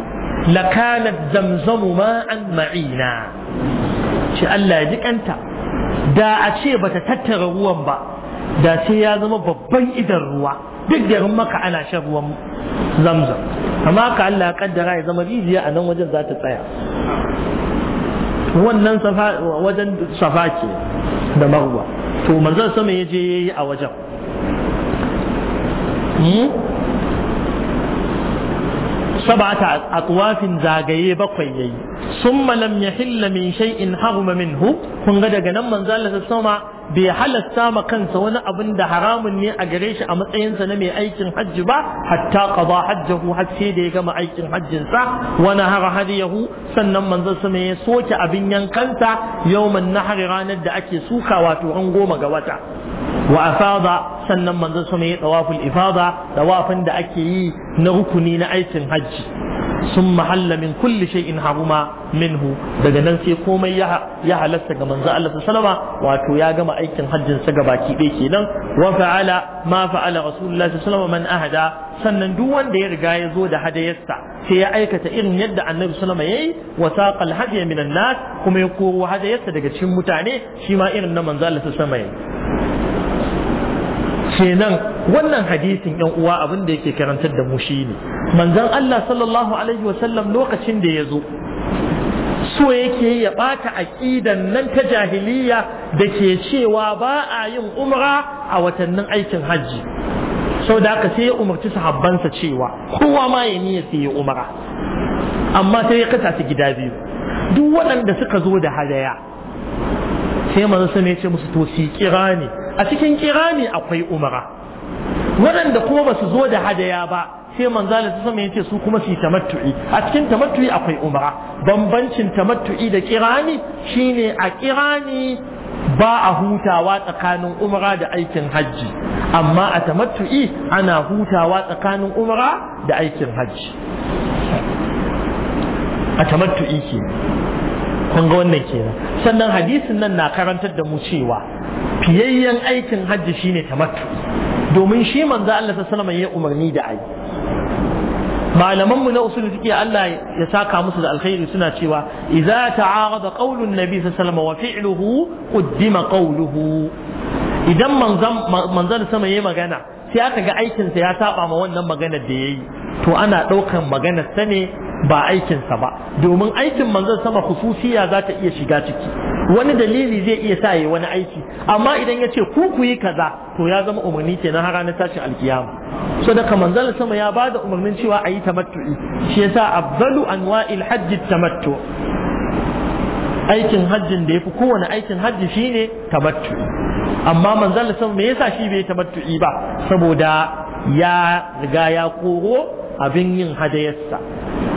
lakanat zamzamu ma'an ma'ina ce Allah ya jikanta da a ce bata tattara ruwan ba da sai ya zama babban idan ruwa duk da maka ana shan ruwan zamzam amma ka Allah ya kaddara ya zama rijiya a nan wajen za ta tsaya wannan wajen safa ke da marwa to manzon sama ya je yayi a wajen hmm? sab'ata a atwafin zagaye bakwai yayi summa ya hilla min shay'in haruma minhu kun ga daga nan manzo Allah sama bai halasta ma kansa wani abin da haramun ne a gare shi a matsayinsa na mai aikin hajji ba hatta qada hajjahu har sai da ya gama aikin hajjin sa wa nahara hadiyahu sannan manzo sama ya soke abin yankansa yawman nahari ranar da ake suka wato an goma ga wata wa afada sannan manzon sama ya tawaful ifada tawafin da ake yi na rukuni na aikin hajji sun mahalla min kulli shay'in haruma minhu daga nan sai komai ya halasta ga manzo Allah sallama wato ya gama aikin hajjin sa ga baki ɗaya kenan wa fa'ala ma fa'ala rasulullah sallama man ahada sannan duk wanda ya riga ya zo da hadayarsa sai ya aikata irin yadda annabi sallama yayi wa saqal hadiya minan nas kuma ya koro hadayarsa daga cikin mutane shi ma irin na manzo Allah sallama yayi kenan wannan hadisin yan uwa abin da yake karantar da mu shine manzon Allah sallallahu alaihi wasallam lokacin da ya zo so yake ya bata aqidan nan ta jahiliya da ke cewa ba a yin umra a watannin aikin hajji sau da aka sai ya umarci sahabbansa cewa kowa ma ya niyya sai ya umara amma sai ya kasa su gida biyu duk waɗanda suka zo da hadaya sai manzo ne ya ce musu to si kira ne a cikin kirani akwai umara waɗanda kuma ba su zo da hadaya ba sai manzala ta sama yace su kuma su tamattu'i a cikin tamattu'i akwai umara bambancin tamattu'i da kirani shine a kirani ba a hutawa tsakanin umara da aikin hajji amma a tamattu'i ana hutawa tsakanin umara da aikin hajji a tamattu'i ke kun ga wannan kenan sannan hadisin nan na karantar da mu cewa fiyayyen aikin hajji shine tamattu domin shi manzo Allah sallallahu alaihi ya umarni da ai malamanmu na usul fiqi Allah ya saka musu da alkhairi suna cewa idza ta'arada qawlu an-nabi sallallahu wa fi'luhu quddima qawluhu idan manzon manzon sama yayi magana sai aka ga aikinsa ya saba ma wannan maganar da yayi to ana ɗaukar magana ta ne ba aikinsa ba domin aikin manzon sama hususiya za ta iya shiga ciki wani dalili zai iya sa yi wani aiki amma idan ya ce ku ku yi kaza to ya zama umarni ke na har ranar tashin alkiyama so daga manzon sama ya ba da umarnin cewa a yi tamattu'i shi yasa afdalu anwa'il hajji tamattu aikin hajjin da ya fi kowane aikin hajji shine tamattu'i amma manzon sama me yasa shi bai tamattu'i ba saboda ya riga ya koro abin yin hadayarsa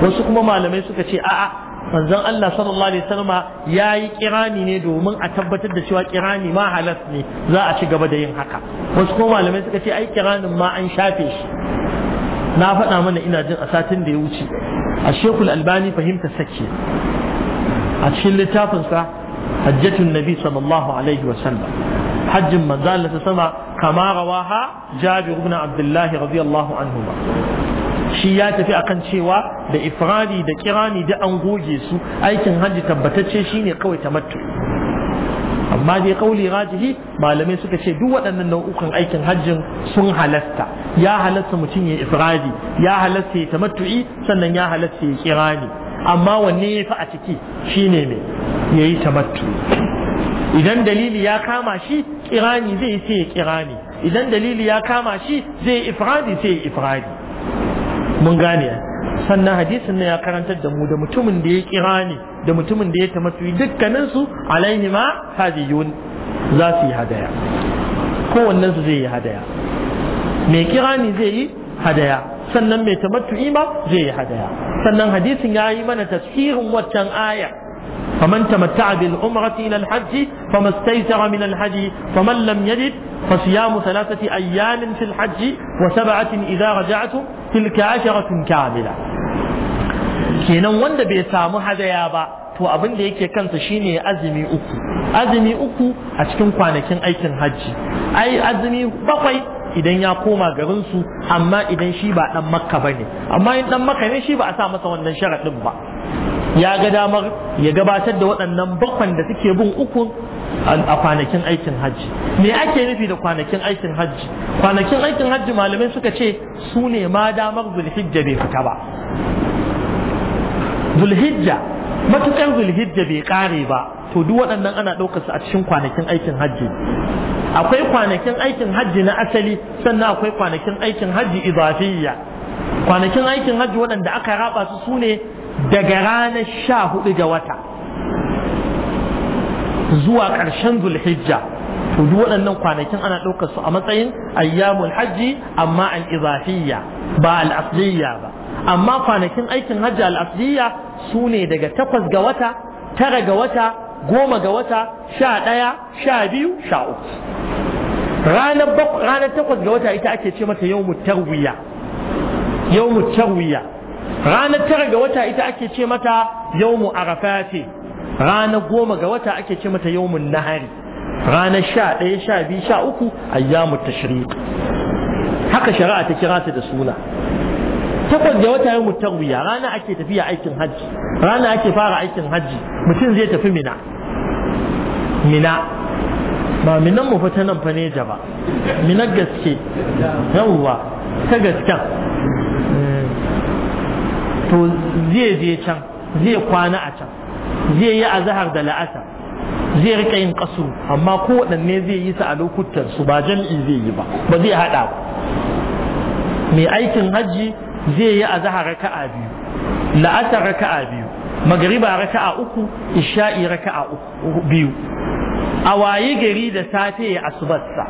wasu kuma malamai suka ce a'a manzon Allah sallallahu alaihi wasallam ya yi kirani ne domin a tabbatar da cewa kirani ma halas ne za a ci gaba da yin haka wasu kuma malamai suka ce ai kiranin ma an shafe shi na faɗa mana ina jin a satin da ya wuce a shekul albani fahimta sake a cikin littafinsa hajjatun nabi sallallahu alaihi wasallam hajjin manzo Allah sama kama rawaha jabir Abdullahi abdullah anhu anhuma shi ya tafi akan cewa da ifradi da kirani da an goge su aikin hajji tabbatacce shine kawai tamattu amma dai kauli rajihi malamai suka ce duk waɗannan nau'ukan aikin hajjin sun halasta ya halasta mutum ya ifradi ya halasta ya tamattu'i sannan ya halasta ya kirani amma wanne ya fi a ciki shine ne ya yi tamattu idan dalili ya kama shi kirani zai yi sai ya kirani idan dalili ya kama shi zai yi ifradi sai ya ifradi mun gane sannan hadisin ne ya karantar da mu da mutumin da ya kirani da mutumin da ya tamattuyi dukkanin su alaihi ma hadiyun za su yi hadaya kowannen su zai yi hadaya mai kirani zai yi hadaya sannan mai tamattu'i ma zai yi hadaya sannan hadisin ya yi mana tafsirin waccan ayar فمن تمتع بالعمرة إلى الحج فما استيسر من الحج فمن لم يجد فصيام ثلاثة أيام في الحج وسبعة إذا رجعتم تلك عشرة كاملة كينا وند بيسام هذا يا با تو أبن ديك يكن تشيني أزمي أكو أزمي أكو أشكن قانا كن أي كن حج أي أزمي بقي idan ya koma garinsu amma idan shi ba dan makka ba amma in dan makka ne shi ba a sa masa wannan sharaɗin ba ya ga damar ya gabatar da waɗannan bakwan da suke bin uku a kwanakin aikin hajji me ake nufi da kwanakin aikin hajji kwanakin aikin hajji malamai suka ce su ne ma damar zulhijja bai fita ba zulhijja matuƙar zulhijja bai kare ba to duk waɗannan ana ɗaukar su a cikin kwanakin aikin hajji akwai kwanakin aikin hajji na asali sannan akwai kwanakin aikin hajji izafiyya. kwanakin aikin hajji waɗanda aka raba su sune daga ranar sha hudu ga wata zuwa ƙarshen zulhijja to duk waɗannan kwanakin ana ɗaukar su a matsayin ayyamul hajji amma al izafiyya. ba al-asliyya ba amma kwanakin aikin hajji al-asliyya su ne daga takwas ga wata tara ga wata goma ga wata sha ɗaya sha biyu sha uku ranar takwas ga wata ita ake ce mata yawmu tarwiya yawmu tarwiya ranar tara ga wata ita ake ce mata yawmu arafati ranar goma ga wata ake ce mata yawmun nahari ranar sha ɗaya sha biyu sha uku ayyamu tashriq haka shari'a ta kira ta da suna takwas ga wata yawmu tarwiya ranar ake tafiya aikin hajji ranar ake fara aikin hajji mutum zai tafi mina mina ba minan mu fita nan fa ne ba minan gaske yawwa ta gasken eh. to zai je can zai kwana a can zai yi a zahar da la'asa zai rika yin kasu amma kowaɗanne zai yi su a lokutan su ba jam'i zai yi ba ba zai haɗa ba mai aikin hajji zai yi a zahar raka'a biyu la'asar raka'a biyu magariba raka'a uku isha'i raka'a uku biyu a waye gari da safe ya asubarsa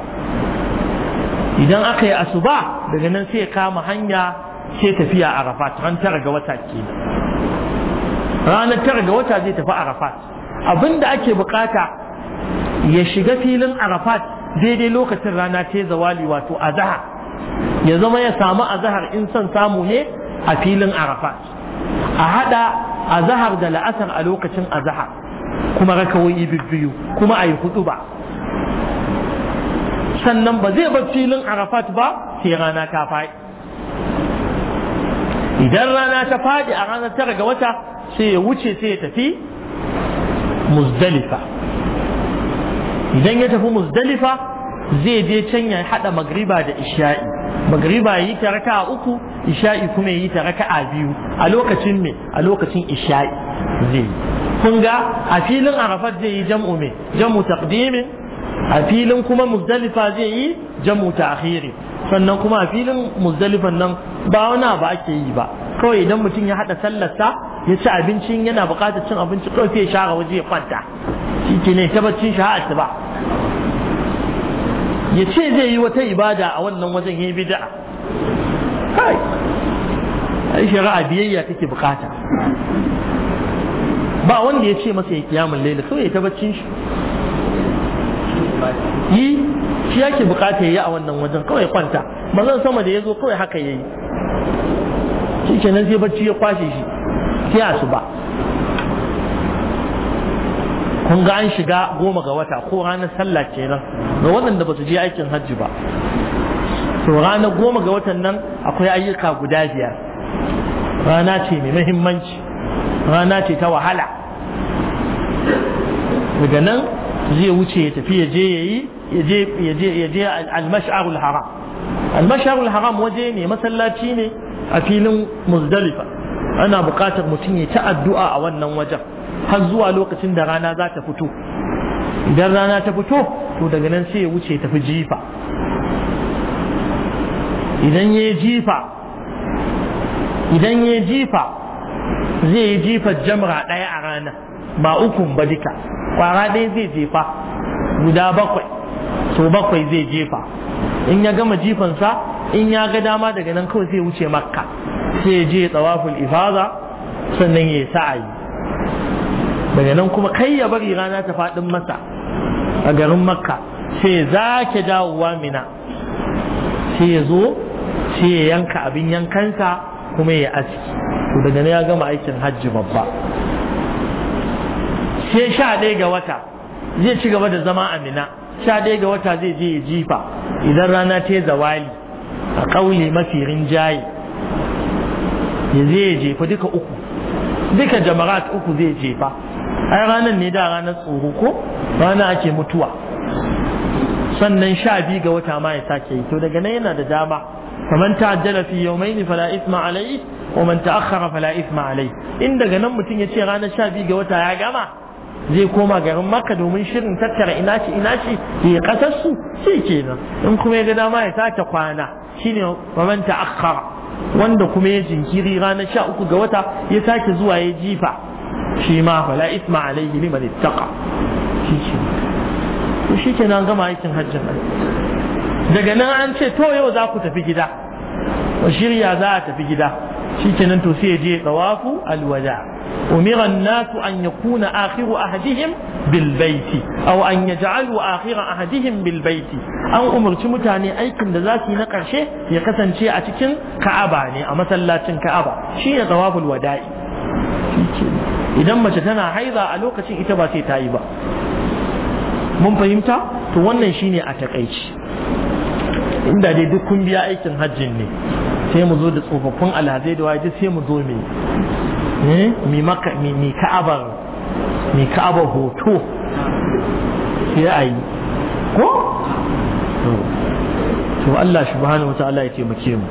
idan aka yi asuba daga nan sai kama hanya sai tafiya arafat ran tara ga wata ke ranar tara ga wata zai tafi arafat abinda ake bukata ya shiga filin arafat daidai lokacin rana ta zawali wato azahar ya zama ya samu azahar in son samu ne a filin arafat a hada azhar da la'asar a lokacin azhar kuma rakawai bibbiyu kuma ayi hudu ba sannan ba zai bar filin arafat ba sai rana ta faɗi idan rana ta faɗi a ranar tara ga wata sai ya wuce sai ya tafi muzdalifa idan ya tafi muzdalifa zai je can ya haɗa magriba da isha'i magriba yi ta raka uku isha'i kuma yi ta raka'a biyu a lokacin me a lokacin isha'i zai kun ga a filin arafat zai yi jam'u me jam'u taqdimin a filin kuma muzdalifa zai yi jam'u ta'khiri sannan kuma a filin muzdalifan nan ba wani ba ake yi ba kawai idan mutum ya hada sa ya ci abincin yana buƙatar cin abinci kawai ya share waje ya kwanta shi ke ne ta baccin sha'a ba ya ce zai yi wata ibada a wannan wajen ya yi bid'a ai shari'a biyayya take bukata ba wanda ya ce masa ya kiyamun laila kawai ya tabbacin shi yi shi yake bukata yi a wannan wajen kawai kwanta mazan sama da ya zo kawai haka ya yi shi kenan sai bacci ya kwashe shi sai a su ba kun ga an shiga goma ga wata ko ranar sallah kenan ga waɗanda ba su je aikin hajji ba to ranar goma ga watan nan akwai ayyuka guda biyar rana ce mai mahimmanci rana ce ta wahala daga nan zai wuce ya tafi ya je ya yi ya je al-mash'arul haram al haram waje ne masallaci ne a filin muzdalifa ana buƙatar mutum ya ta addu'a a wannan wajen har zuwa lokacin da rana za ta fito idan rana ta fito to daga nan sai ya wuce ya tafi jifa idan ya jifa idan ya jifa zai jifa jamra ɗaya a rana ba uku ba duka kwara ɗaya zai jefa guda bakwai so bakwai zai jefa in ya gama jifansa in ya ga dama daga nan kawai zai wuce makka sai je tsawaful ifaza sannan ya sa'ayi daga nan kuma kai ya bari rana ta faɗin masa a garin makka sai za ke dawowa mina sai ya zo sai ya yanka abin yankansa kuma ya aski to daga ne ya gama aikin hajji babba sai sha ɗaya ga wata zai ci gaba da zama a sha ɗaya ga wata zai je ya jifa idan rana ta zawali a ƙauli mafi rinjaye ya zai ya jefa duka uku duka jama'at uku zai jefa ai ranar ne da ranar tsoro ko rana ake mutuwa sannan sha biyu ga wata ma ya sake yi to daga nan yana da dama faman ta'ajjala fi yawmayn fala ithma alayhi wa man ta'akhkhara in daga nan mutum ya ce ranar 12 ga wata ya gama zai koma garin makka domin shirin tattara ina ce ina ce ya kasar su shi kenan in kuma ya ga dama ya sake kwana shine faman ta'akhkhara wanda kuma ya jinkiri ranar 13 ga wata ya sake zuwa ya jifa shi ma fala isma alaihi liman ittaqa shi gama aikin hajjin daga nan an ce to yau za ku tafi gida wa shirya za a tafi gida shikenan to sai je tawafu alwada umira an-nas an akhiru ahadihim bilbaiti. an akhira ahadihim an umarci mutane aikin da zasu yi na karshe ya kasance a cikin Ka'aba ne a masallacin Ka'aba shi ne tawaful wada'i idan mace tana haiza a lokacin ita ba sai ta yi ba mun fahimta to wannan shine a takaici inda dai duk kun biya aikin hajjin ne sai mu zo da tsofaffin alhazai da waje sai mu zo mai eh, mi ka'abar mi ka'abar hoto sai a yi ko to Allah subhanahu wataala ya taimake mu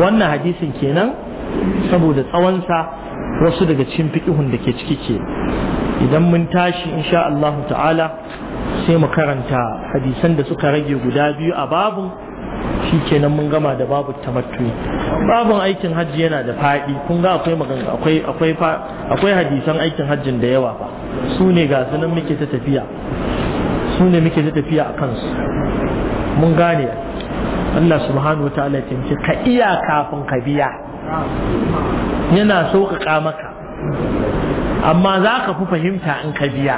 wannan hadisin kenan saboda tsawonsa wasu daga cikin fiƙihun da ke ciki ke idan mun tashi insha Allah ta'ala sai mu karanta hadisan da suka rage guda biyu a babu shi kenan mun gama da babu tamattu babin aikin hajji yana da faɗi kun ga akwai magan akwai akwai akwai hadisan aikin hajjin da yawa fa su ne ga sunan muke ta tafiya su ne muke ta tafiya a kansu mun gane Allah subhanahu wataala ya ce ka iya kafin ka biya yana sauƙaƙa maka amma za ka fi fahimta in ka biya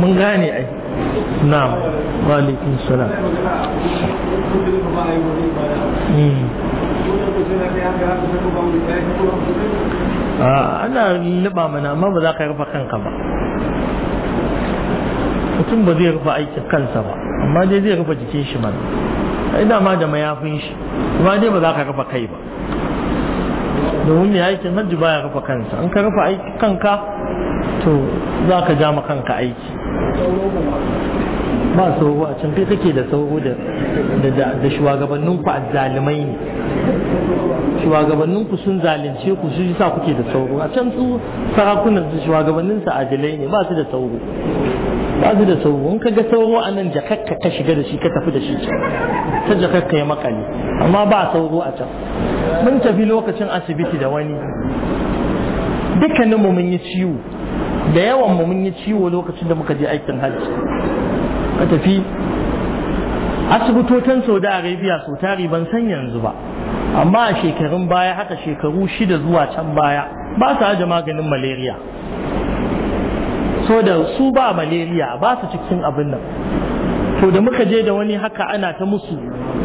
mun gane ai نعم وعليكم السلام ana liba mana amma ba za ka rufa kanka ba mutum ba zai rufa aikin kansa ba amma dai zai rufa jikin shi mana ai dama da mayafin shi kuma dai ba za ka rufa kai ba domin mai aikin hajji ba ya rufa kansa an ka rufa aikin kanka to za ka ja kanka aiki ba sauro a can kai kake da sauro da shugabanninku a zalimai ne shugabanninku sun zalunce ku su sa kuke da sauro a can su sarakunan su shugabannin su jilai ne ba su da sauro ba su da sauro in ka ga sauro a nan jakakka ka shiga da shi ka tafi da shi can ta jakakka ya makale amma ba sauro a can mun tafi lokacin asibiti da wani dukkanin mu mun yi ciwo da yawan mu mun yi ciwo lokacin da muka je aikin hajji ka tafi asibitotan saudi arabia sau tari ban san yanzu ba amma a shekarun baya haka shekaru shida zuwa can baya ba su haje maganin malaria so da su ba malaria ba su cikin abin nan to da muka je da wani haka ana ta musu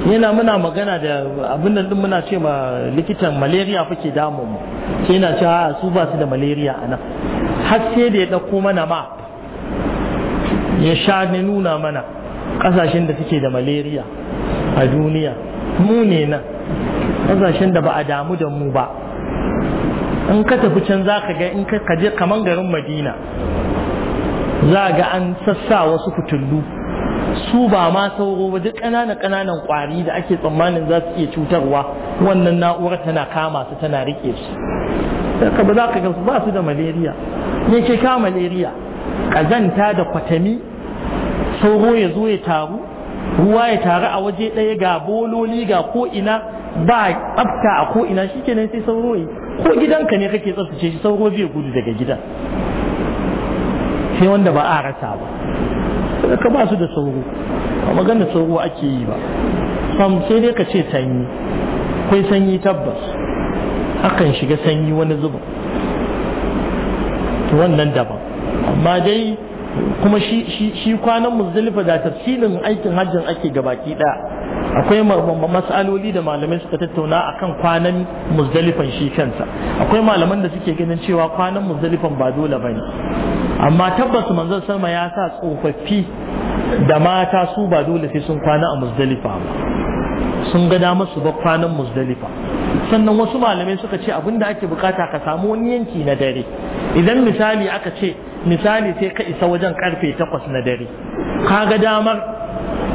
yana muna magana da abin nan din muna ce ma likitan malaria fake damun mu sai na cewa su ba su da malaria a nan har sai da ya ɗauko mana ma ya sha ne nuna mana ƙasashen da suke da malaria a duniya mu ne nan ƙasashen da ba a damu da mu ba in ka tafi can za ka ga in ka je kaman garin madina za ga an sassa wasu kutullu su ba ma sauro ba duk ƙananan ƙananan ƙwari da ake tsammanin za su iya cutarwa wannan na'urar tana kama su tana rike su ka ba za ka gansu ba su da malaria me ke kama malaria kazanta da kwatami sauro ya zo ya taru ruwa ya taru a waje ɗaya ga bololi ga ko'ina ba tsafta a ko'ina shi kenan sai sauro yi ko gidanka ne kake tsaftace shi sauro zai gudu daga gidan sai wanda ba a rasa ba ka ba su da sauro a magana sauro ake yi ba sam sai dai ka ce sanyi akwai sanyi tabbas akan shiga sanyi wani zuba wannan daban amma dai kuma shi kwanan muzdalifa da tafsilin aikin hajjin ake gabaki ɗaya akwai matsaloli da malamai suka tattauna akan kwanan muzdalifan shi kansa akwai malaman da suke ganin cewa kwanan muzdalifan ba dole ba ne amma tabbas manzon sama ya sa tsofaffi da mata su ba dole sai sun kwana a muzdalifa ba sun gada damar ba kwanan muzdalifa sannan wasu malamai suka ce abin da ake bukata ka samu wani yanki na dare idan misali aka ce misali sai ka isa wajen karfe takwas na dare ka ga damar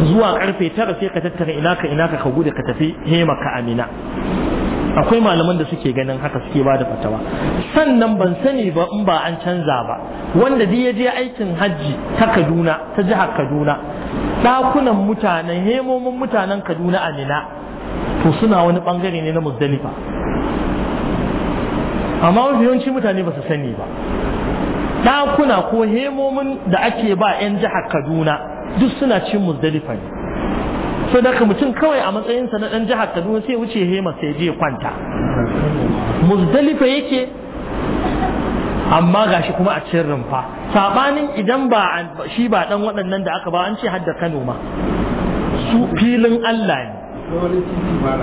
zuwa karfe tara sai ka tattara ina ka ina ka gudu ka tafi hema ka amina akwai malaman da suke ganin haka suke ba da fatawa sannan ban sani ba in ba an canza ba wanda duk ya je aikin hajji ta kaduna ta jihar kaduna ɗakunan mutanen hemomin mutanen kaduna a nina. to suna wani bangare ne na muzdalifa amma wani yawanci mutane ba su sani ba ɗakuna ko hemomin da ake ba 'yan jihar kaduna duk suna cin muzdalifa ne so daga mutum kawai a matsayinsa na ɗan jihar kaduna sai wuce hema sai je kwanta muzdalifa yake amma gashi kuma a cikin rumfa sabanin idan ba shi ba dan waɗannan da aka ba an ce hadda kano ma su filin allah ne wani ba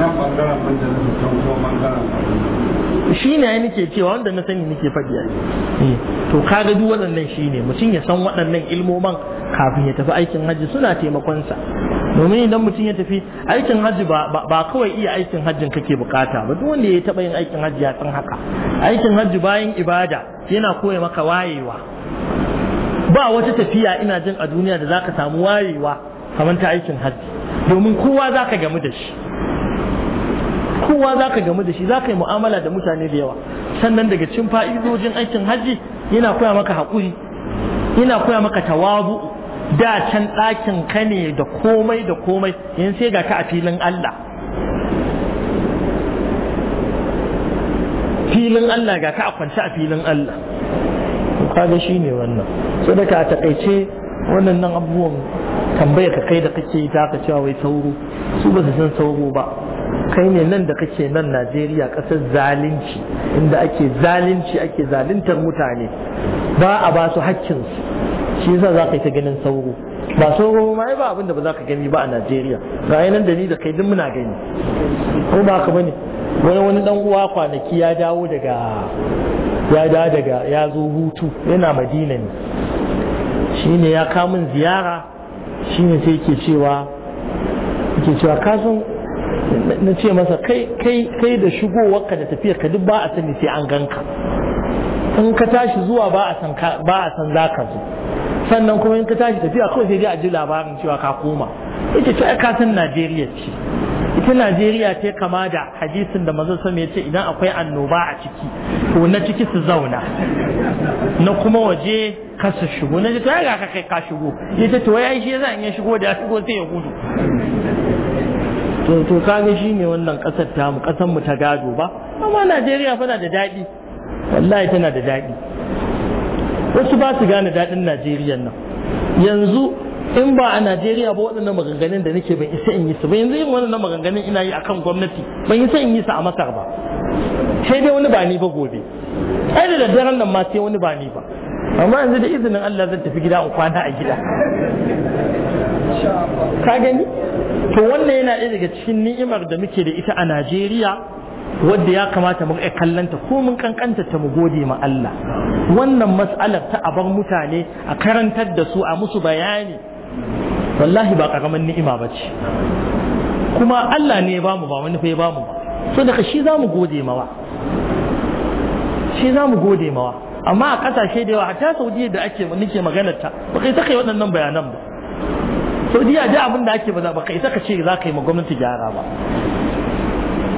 na bangaren shi ne ya nike cewa wanda na sani nike faɗi a eh, to kaga duk waɗannan shi ne mutum ya san waɗannan ilmoman kafin ya tafi aikin hajji suna taimakonsa domin idan mutum ya tafi aikin hajji ba kawai iya aikin hajjin kake bukata ba duk wanda ya taɓa yin aikin hajji ya san haka aikin hajji bayan ibada yana koya maka wayewa ba wata tafiya ina jin a duniya da zaka samu wayewa kamar ta aikin hajji domin kowa za ka gamu da shi kowa za ka gamu da shi za ka yi mu'amala da mutane da yawa sannan daga cin fa'izojin aikin hajji yana koya maka haƙuri yana koya maka tawabu da can ɗakin ka ne da komai da komai yin sai ga ka a filin Allah filin Allah ga ka a kwance a filin Allah kaga shi ne wannan so a taƙaice wannan abubuwan tambaya ka kai da kake ta ka cewa wai sauro su ba su san sauro ba kai ne nan da kake nan najeriya ƙasar zalunci inda ake zalunci ake zaluntar mutane ba a ba su haƙƙinsu shi yasa za ka yi ta ganin sauro ba sauro ma ba abin ba za ka gani ba a najeriya ga nan da ni da kai duk muna gani ko ba ka bane wani wani dan uwa kwanaki ya dawo daga ya dawo daga ya zo hutu yana madina ne shine ya kamun ziyara shine sai yake cewa yake cewa kasan na ce masa kai da kai da da tafiya ka duk ba a sani sai an ganka in ka tashi zuwa ba a san za ka zo sannan kuma in ka tashi tafiya kawai sai dai a ji labarin cewa ka koma ita ce ka san Najeriya ce ita Najeriya ce kama da hadisin da mazan sami ya ce idan akwai annoba a ciki to na ciki su zauna na kuma waje ka su shigo na ji ta ga ka ka shigo yace to wai ai ya zan iya shigo da ya shigo sai ya gudu to to kaga shine wannan kasar ta mu kasar mu ta gado ba amma Najeriya fa na da dadi wallahi tana da dadi wasu ba su gane dadin Najeriya nan yanzu in ba a Najeriya ba waɗannan maganganun da nake ban isa in yi su ba yanzu yin waɗannan maganganun ina yi akan gwamnati ban isa in yi su a Masar ba sai dai wani ba ni ba gobe ai da daddaren nan ma sai wani ba ni ba amma yanzu da izinin Allah zan tafi gida in kwana a gida ka gani to wannan yana ɗaya daga cikin ni'imar da muke da ita a Najeriya wadda ya kamata mu kallanta ko mun kankanta ta mu gode ma Allah wannan mas'alar ta abar mutane a karantar da su a musu bayani wallahi ba karamin ni'ima ba ce kuma Allah ne ya bamu ba wani fa ya bamu ba so daga shi za mu gode wa? shi za mu gode mawa amma a ƙasashe da yawa hatta saudiya da ake nake maganar ta ba kai ta kai waɗannan bayanan ba saudiya ji abin da ake ba za ba kai saka ce za ka yi ma gwamnati gyara ba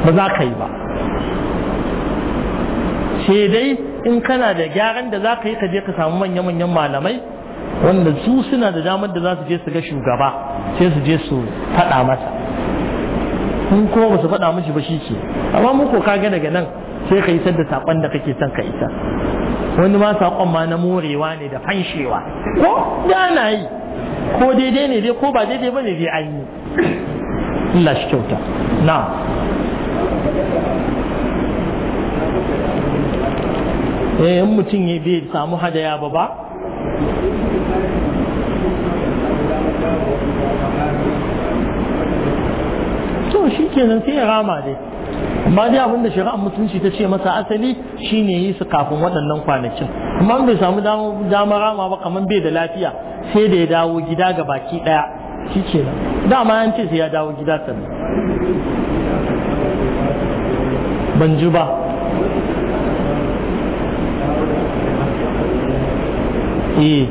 ba za ka yi ba sai dai in kana da gyaran da za ka yi ka je ka samu manya-manyan malamai wanda su suna da damar da za su je su ga shugaba sai su je su faɗa masa in ko ba su faɗa mishi ba shi ke amma mu ko kaga daga nan sai ka isar da saƙon da kake son ka isa wani ma saƙon ma na morewa ne da fanshewa ko da na yi ko daidai ne dai ko ba daidai ba ne dai an yi Allah shi kyauta na eh in mutum ya bai samu hadaya ba ba to shi kenan sai ya rama dai amma dai abin da shari'ar mutunci ta ce masa asali shine yi su kafin waɗannan kwanakin amma bai samu dama rama ba kamar bai da lafiya sai da ya dawo gida ga baki ɗaya shi ce nan dama an ce sai ya dawo gida sannan ban ji ba eh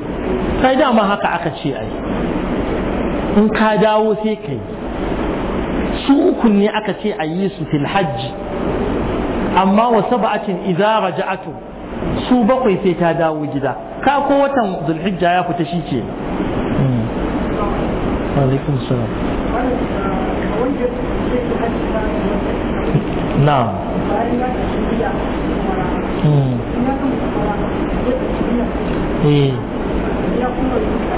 sai dama haka aka ce ai in ka dawo sai ka yi su uku ne aka ce a yi su fil hajji amma wa saba'atin idza raja'atu su bakwai sai ta dawo gida zakka ko watan zulhijja ya fita shi ce? Hmm. salam a hmm. eh.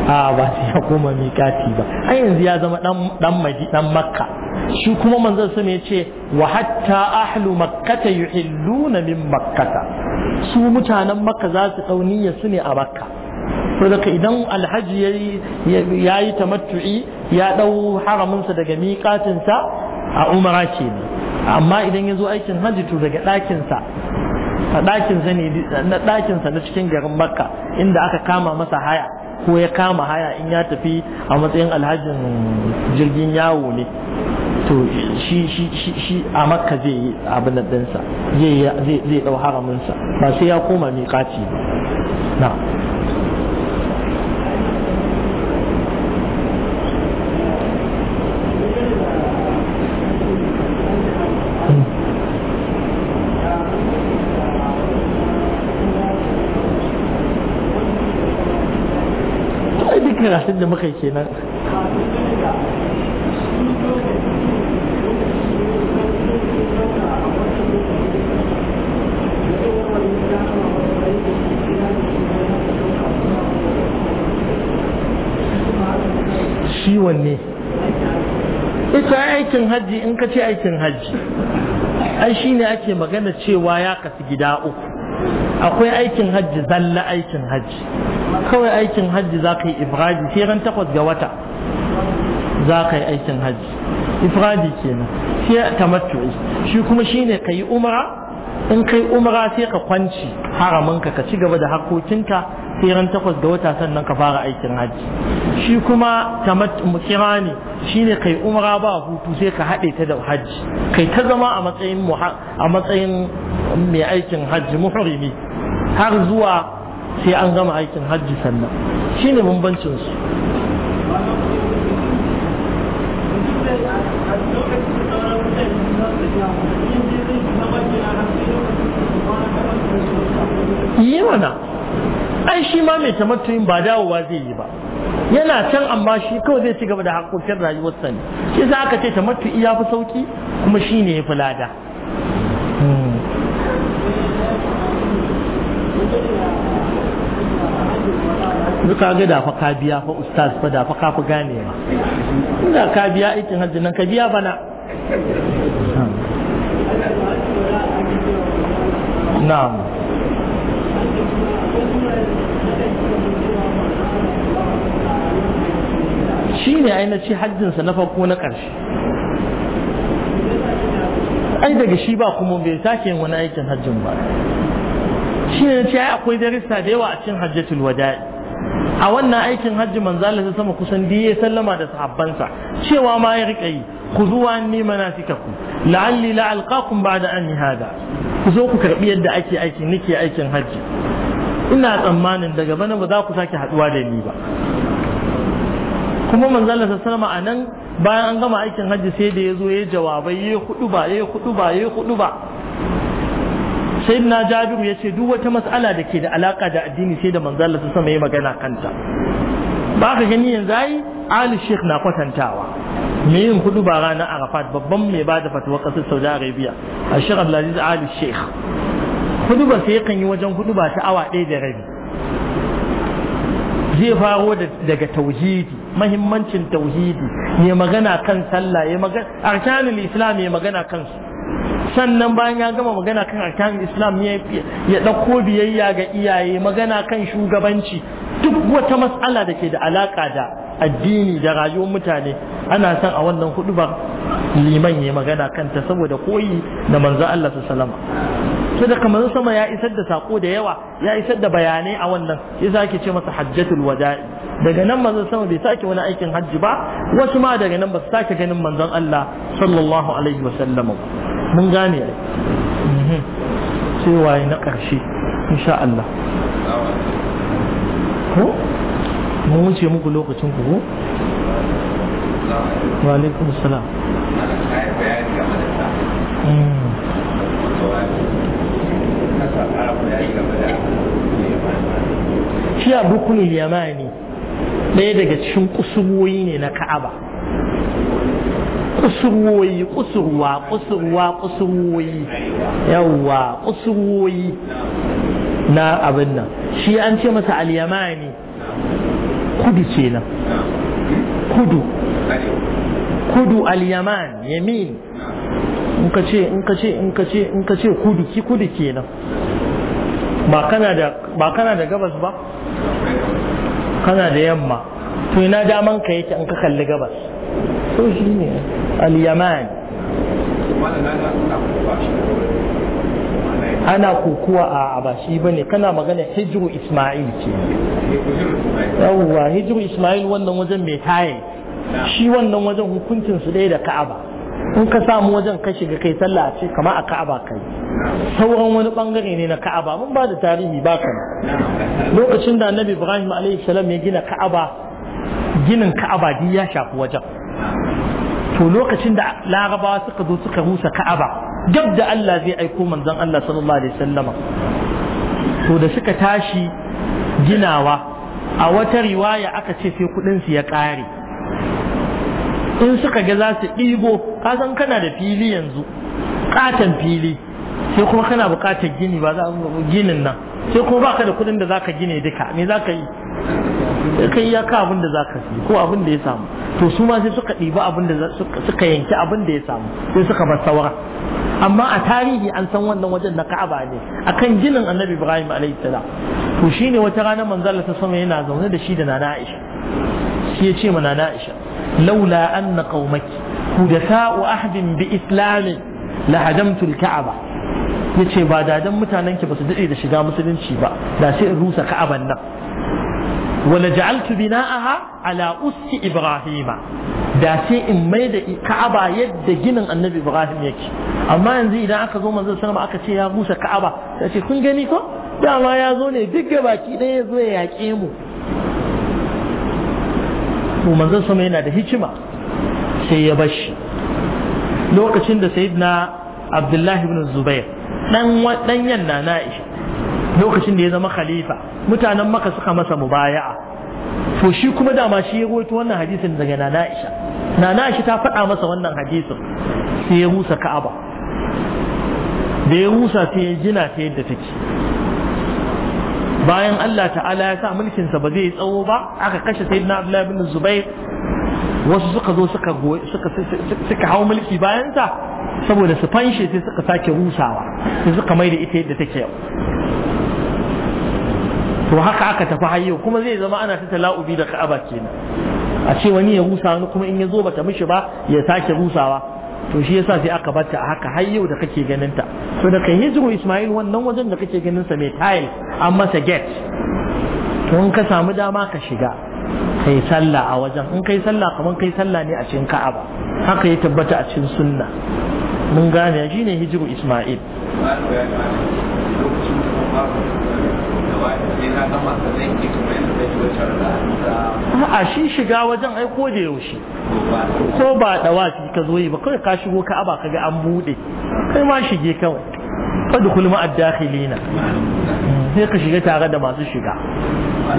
ah, ba sai ya koma miƙati ba a yanzu ya zama dan maji dan makka shi kuma manzon sa ya ce wa hatta ahlu makkata yuhilluna min makkata su mutanen makka za su ɗau ya su ne a makka ko daga idan alhaji ya yi tamattu'i ya ɗau haraminsa daga miƙatinsa a umara ke amma idan ya zo aikin hajji to daga ɗakinsa a ɗakinsa na ɗakinsa na cikin garin makka inda aka kama masa haya ko ya kama haya in ya tafi a matsayin alhajin jirgin yawo ne to shi shi shi shi a makka zai yi abin ɗinsa zai zai ɗau haraminsa ba sai ya koma miƙaci ba na karatun da muka yi kenan shi ne. ita aikin hajji in ka ce aikin hajji ai shi ne ake magana cewa ya kasu gida uku akwai aikin hajji zalla aikin hajji kawai aikin hajji za ka yi ifradi sai ran takwas ga wata za ka yi aikin hajji ifradi kenan sai tamattu'i shi kuma shi ne ka yi umara in ka yi umara sai ka kwanci haraminka ka ci gaba da harkokinka sai takwas ga wata sannan ka fara aikin hajji shi kuma kira ne shine kai umra ba hutu sai ka haɗe ta da hajji kai ta zama a matsayin mai aikin hajji muhrimi har zuwa sai an gama aikin hajji sannan shine bambancin su yi mana ai shi ma mai tamattuyin ba dawowa zai yi ba yana can amma shi kawai zai ci gaba da hakokin rayuwar sani shi za aka ce tamattu'i ya fi sauki kuma shi ne ya fi lada hmm. duka ga da fa biya fa ustaz fa da fa ka fi ganewa inda ka biya aikin hajji nan ka biya bana hmm. na'am ne ai hajjinsa na farko na ƙarshe ai daga shi ba kuma bai sake yin wani aikin hajjin ba shi ne ce ai akwai darista da yawa a cikin hajjatul wada'i a wannan aikin hajji manzo Allah sama kusan diye sallama da sahabbansa cewa ma ya rike yi ku zuwa anni ku. la'alli la alqakum ba'da yi hada ku zo ku karbi yadda ake aiki nake aikin hajji ina tsammanin daga bana ba za ku sake haɗuwa da ni ba kuma manzala alaihi wasallam nan bayan an gama aikin hajji sai da ya zo ya jawabai ya hudu ba ya hudu ba ya hudu ba sai na Jabiru ya ce duk wata mas'ala da ke da alaka da addini sai da manzala wasallam ya magana kanta ba ka gani yanzu ai ali sheikh na kwatantawa me yin hudu ba ranar arafat babban mai ba da fatuwar kasar saudi arabia a sheikh abdulaziz ali sheikh hudu ba sai kan yi wajen hudu ba ta awa ɗaya da rabi zai faro daga tauhidi mahimmancin tauhidi ya magana kan sallah ya magana arkanul islam ya magana kan su sannan bayan ya gama magana kan arkanul islam ya ɗauko biyayya ga iyaye magana kan shugabanci duk wata matsala da ke da alaƙa da addini da rayuwar mutane ana son a wannan ba liman ya magana kanta saboda koyi da manzo Allah su salama to da kamar sama ya isar da sako da yawa ya isar da bayanai a wannan ya sake ce masa hajjatul wada'i daga nan manzo sama bai sake wani aikin hajji ba wasu ma daga nan ba su sake ganin manzon Allah sallallahu alaihi wasallam mun gane mhm. sai waye na karshe insha Allah ko mun wuce muku lokacin ku wa alaikum salam hmm. shi abukunul yamani ɗaya daga cikin kusurwoyi ne na ka'aba kusurwoyi kusurwa kusurwa kusurwoyi yawwa kusurwoyi na abin nan shi an ce masa al-yamani kudu kenan kudu kudu al-yaman yamin in ka ce in ka ce in ka ce in ka ce kudu ki kudu kenan ba kana da ba kana da gabas ba kana da yamma to ina daman ka yake in ka kalli gabas to shine al-yaman ana kokuwa a ba bane kana magana hijru isma'il ce yawwa hijiru ismail wannan wajen mai taye shi wannan wajen hukuncin su ɗaya da ka'aba in ka samu wajen ka shiga kai sallah ce kama a ka'aba kai sauran wani bangare ne na ka'aba mun ba da tarihi ba kan lokacin da annabi ibrahim alaihi salam ya gina ka'aba ginin ka'aba din ya shafi wajen to lokacin da larabawa suka zo suka rusa ka'aba duk da Allah zai aiko manzon Allah sallallahu alaihi wasallama to da suka tashi ginawa a wata riwaya aka ce sai kuɗinsu ya ƙare in suka ga za su ɗigo kasan kana da fili yanzu ƙaton fili sai kuma kana buƙatar gini ba za ginin nan sai kuma baka da kuɗin da zaka gine duka me zaka yi kai ya ka abin da za ka ko abin da ya samu to su ma sai suka ɗiba abin da suka yanki abin da ya samu sai suka bar saura amma a tarihi an san wannan wajen na ka'aba ne akan ginin annabi ibrahim alaihi salam to shine wata rana manzala ta sama yana zaune da shi da nana aisha shi ya ce ma nana aisha laula anna qaumaki hudasa'u ahdin bi islamin la hadamtul ka'aba yace ba dadan mutanen ki ba su dade da shiga musulunci ba da sai in rusa ka'aban nan wala ja'altu bina'aha ala ussi ibrahima da sai in mai da ka'aba yadda ginin annabi ibrahim yake amma yanzu idan aka zo manzon sallama aka ce ya rusa ka'aba sai ce kun gani ko dama ya zo ne duk gabaki ɗaya ya zo ya yaƙe mu to manzon sama yana da hikima sai ya bashi lokacin da sayyidina abdullahi ibn zubair dan dan yanna na'ish lokacin da ya zama khalifa mutanen maka suka masa mubaya'a to shi kuma dama shi ya rawaito wannan hadisin daga nana aisha nana aisha ta faɗa masa wannan hadisin sai ya rusa ka'aba da ya rusa sai ya jina ta yadda take bayan Allah ta'ala ya sa mulkinsa ba zai tsawo ba aka kashe sayyidina Abdullahi bin Zubair wasu suka zo suka suka suka hau mulki bayan saboda su fanshe sai suka sake rusawa sai suka mai da ita yadda take yau to haka aka tafi hayyo kuma zai zama ana ta tala'ubi da ka'aba kenan a ce wani ya rusa wani kuma in ya zo bata mishi ba ya sake rusawa to shi yasa sai aka bata a haka hayyo da kake ganin ta to da kan hijiru Ismail wannan wajen da kake ganin sa mai tile an masa gate to in ka samu dama ka shiga kai sallah a wajen in kai sallah kaman kai sallah ne a cikin Ka'aba haka ya tabbata a cikin sunna mun gane shine hijiru Ismail A shi shiga wajen ai ko da yaushe ko ba dawafi ka zo yi ba kawai ka shigo ka aba kaga an bude kai ma shige kawai a ma'ad dakhilina sai ka shiga tare da masu shiga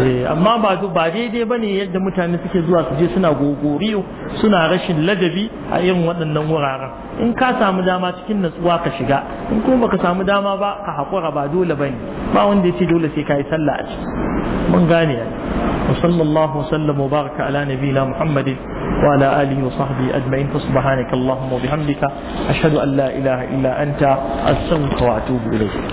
eh, amma ba ba ne bane yadda mutane suke zuwa su je suna gogoriyo suna rashin ladabi a irin waɗannan wuraren in ka samu dama cikin natsuwa ka shiga in kuma baka samu dama ba ka haƙura ba dole ne ba wanda ce dole sai ka yi sallah a ciki mun gane وصلى الله وسلم وبارك على نبينا محمد وعلى آله وصحبه أجمعين فسبحانك اللهم وبحمدك أشهد أن لا إله إلا أنت أستغفرك وأتوب إليك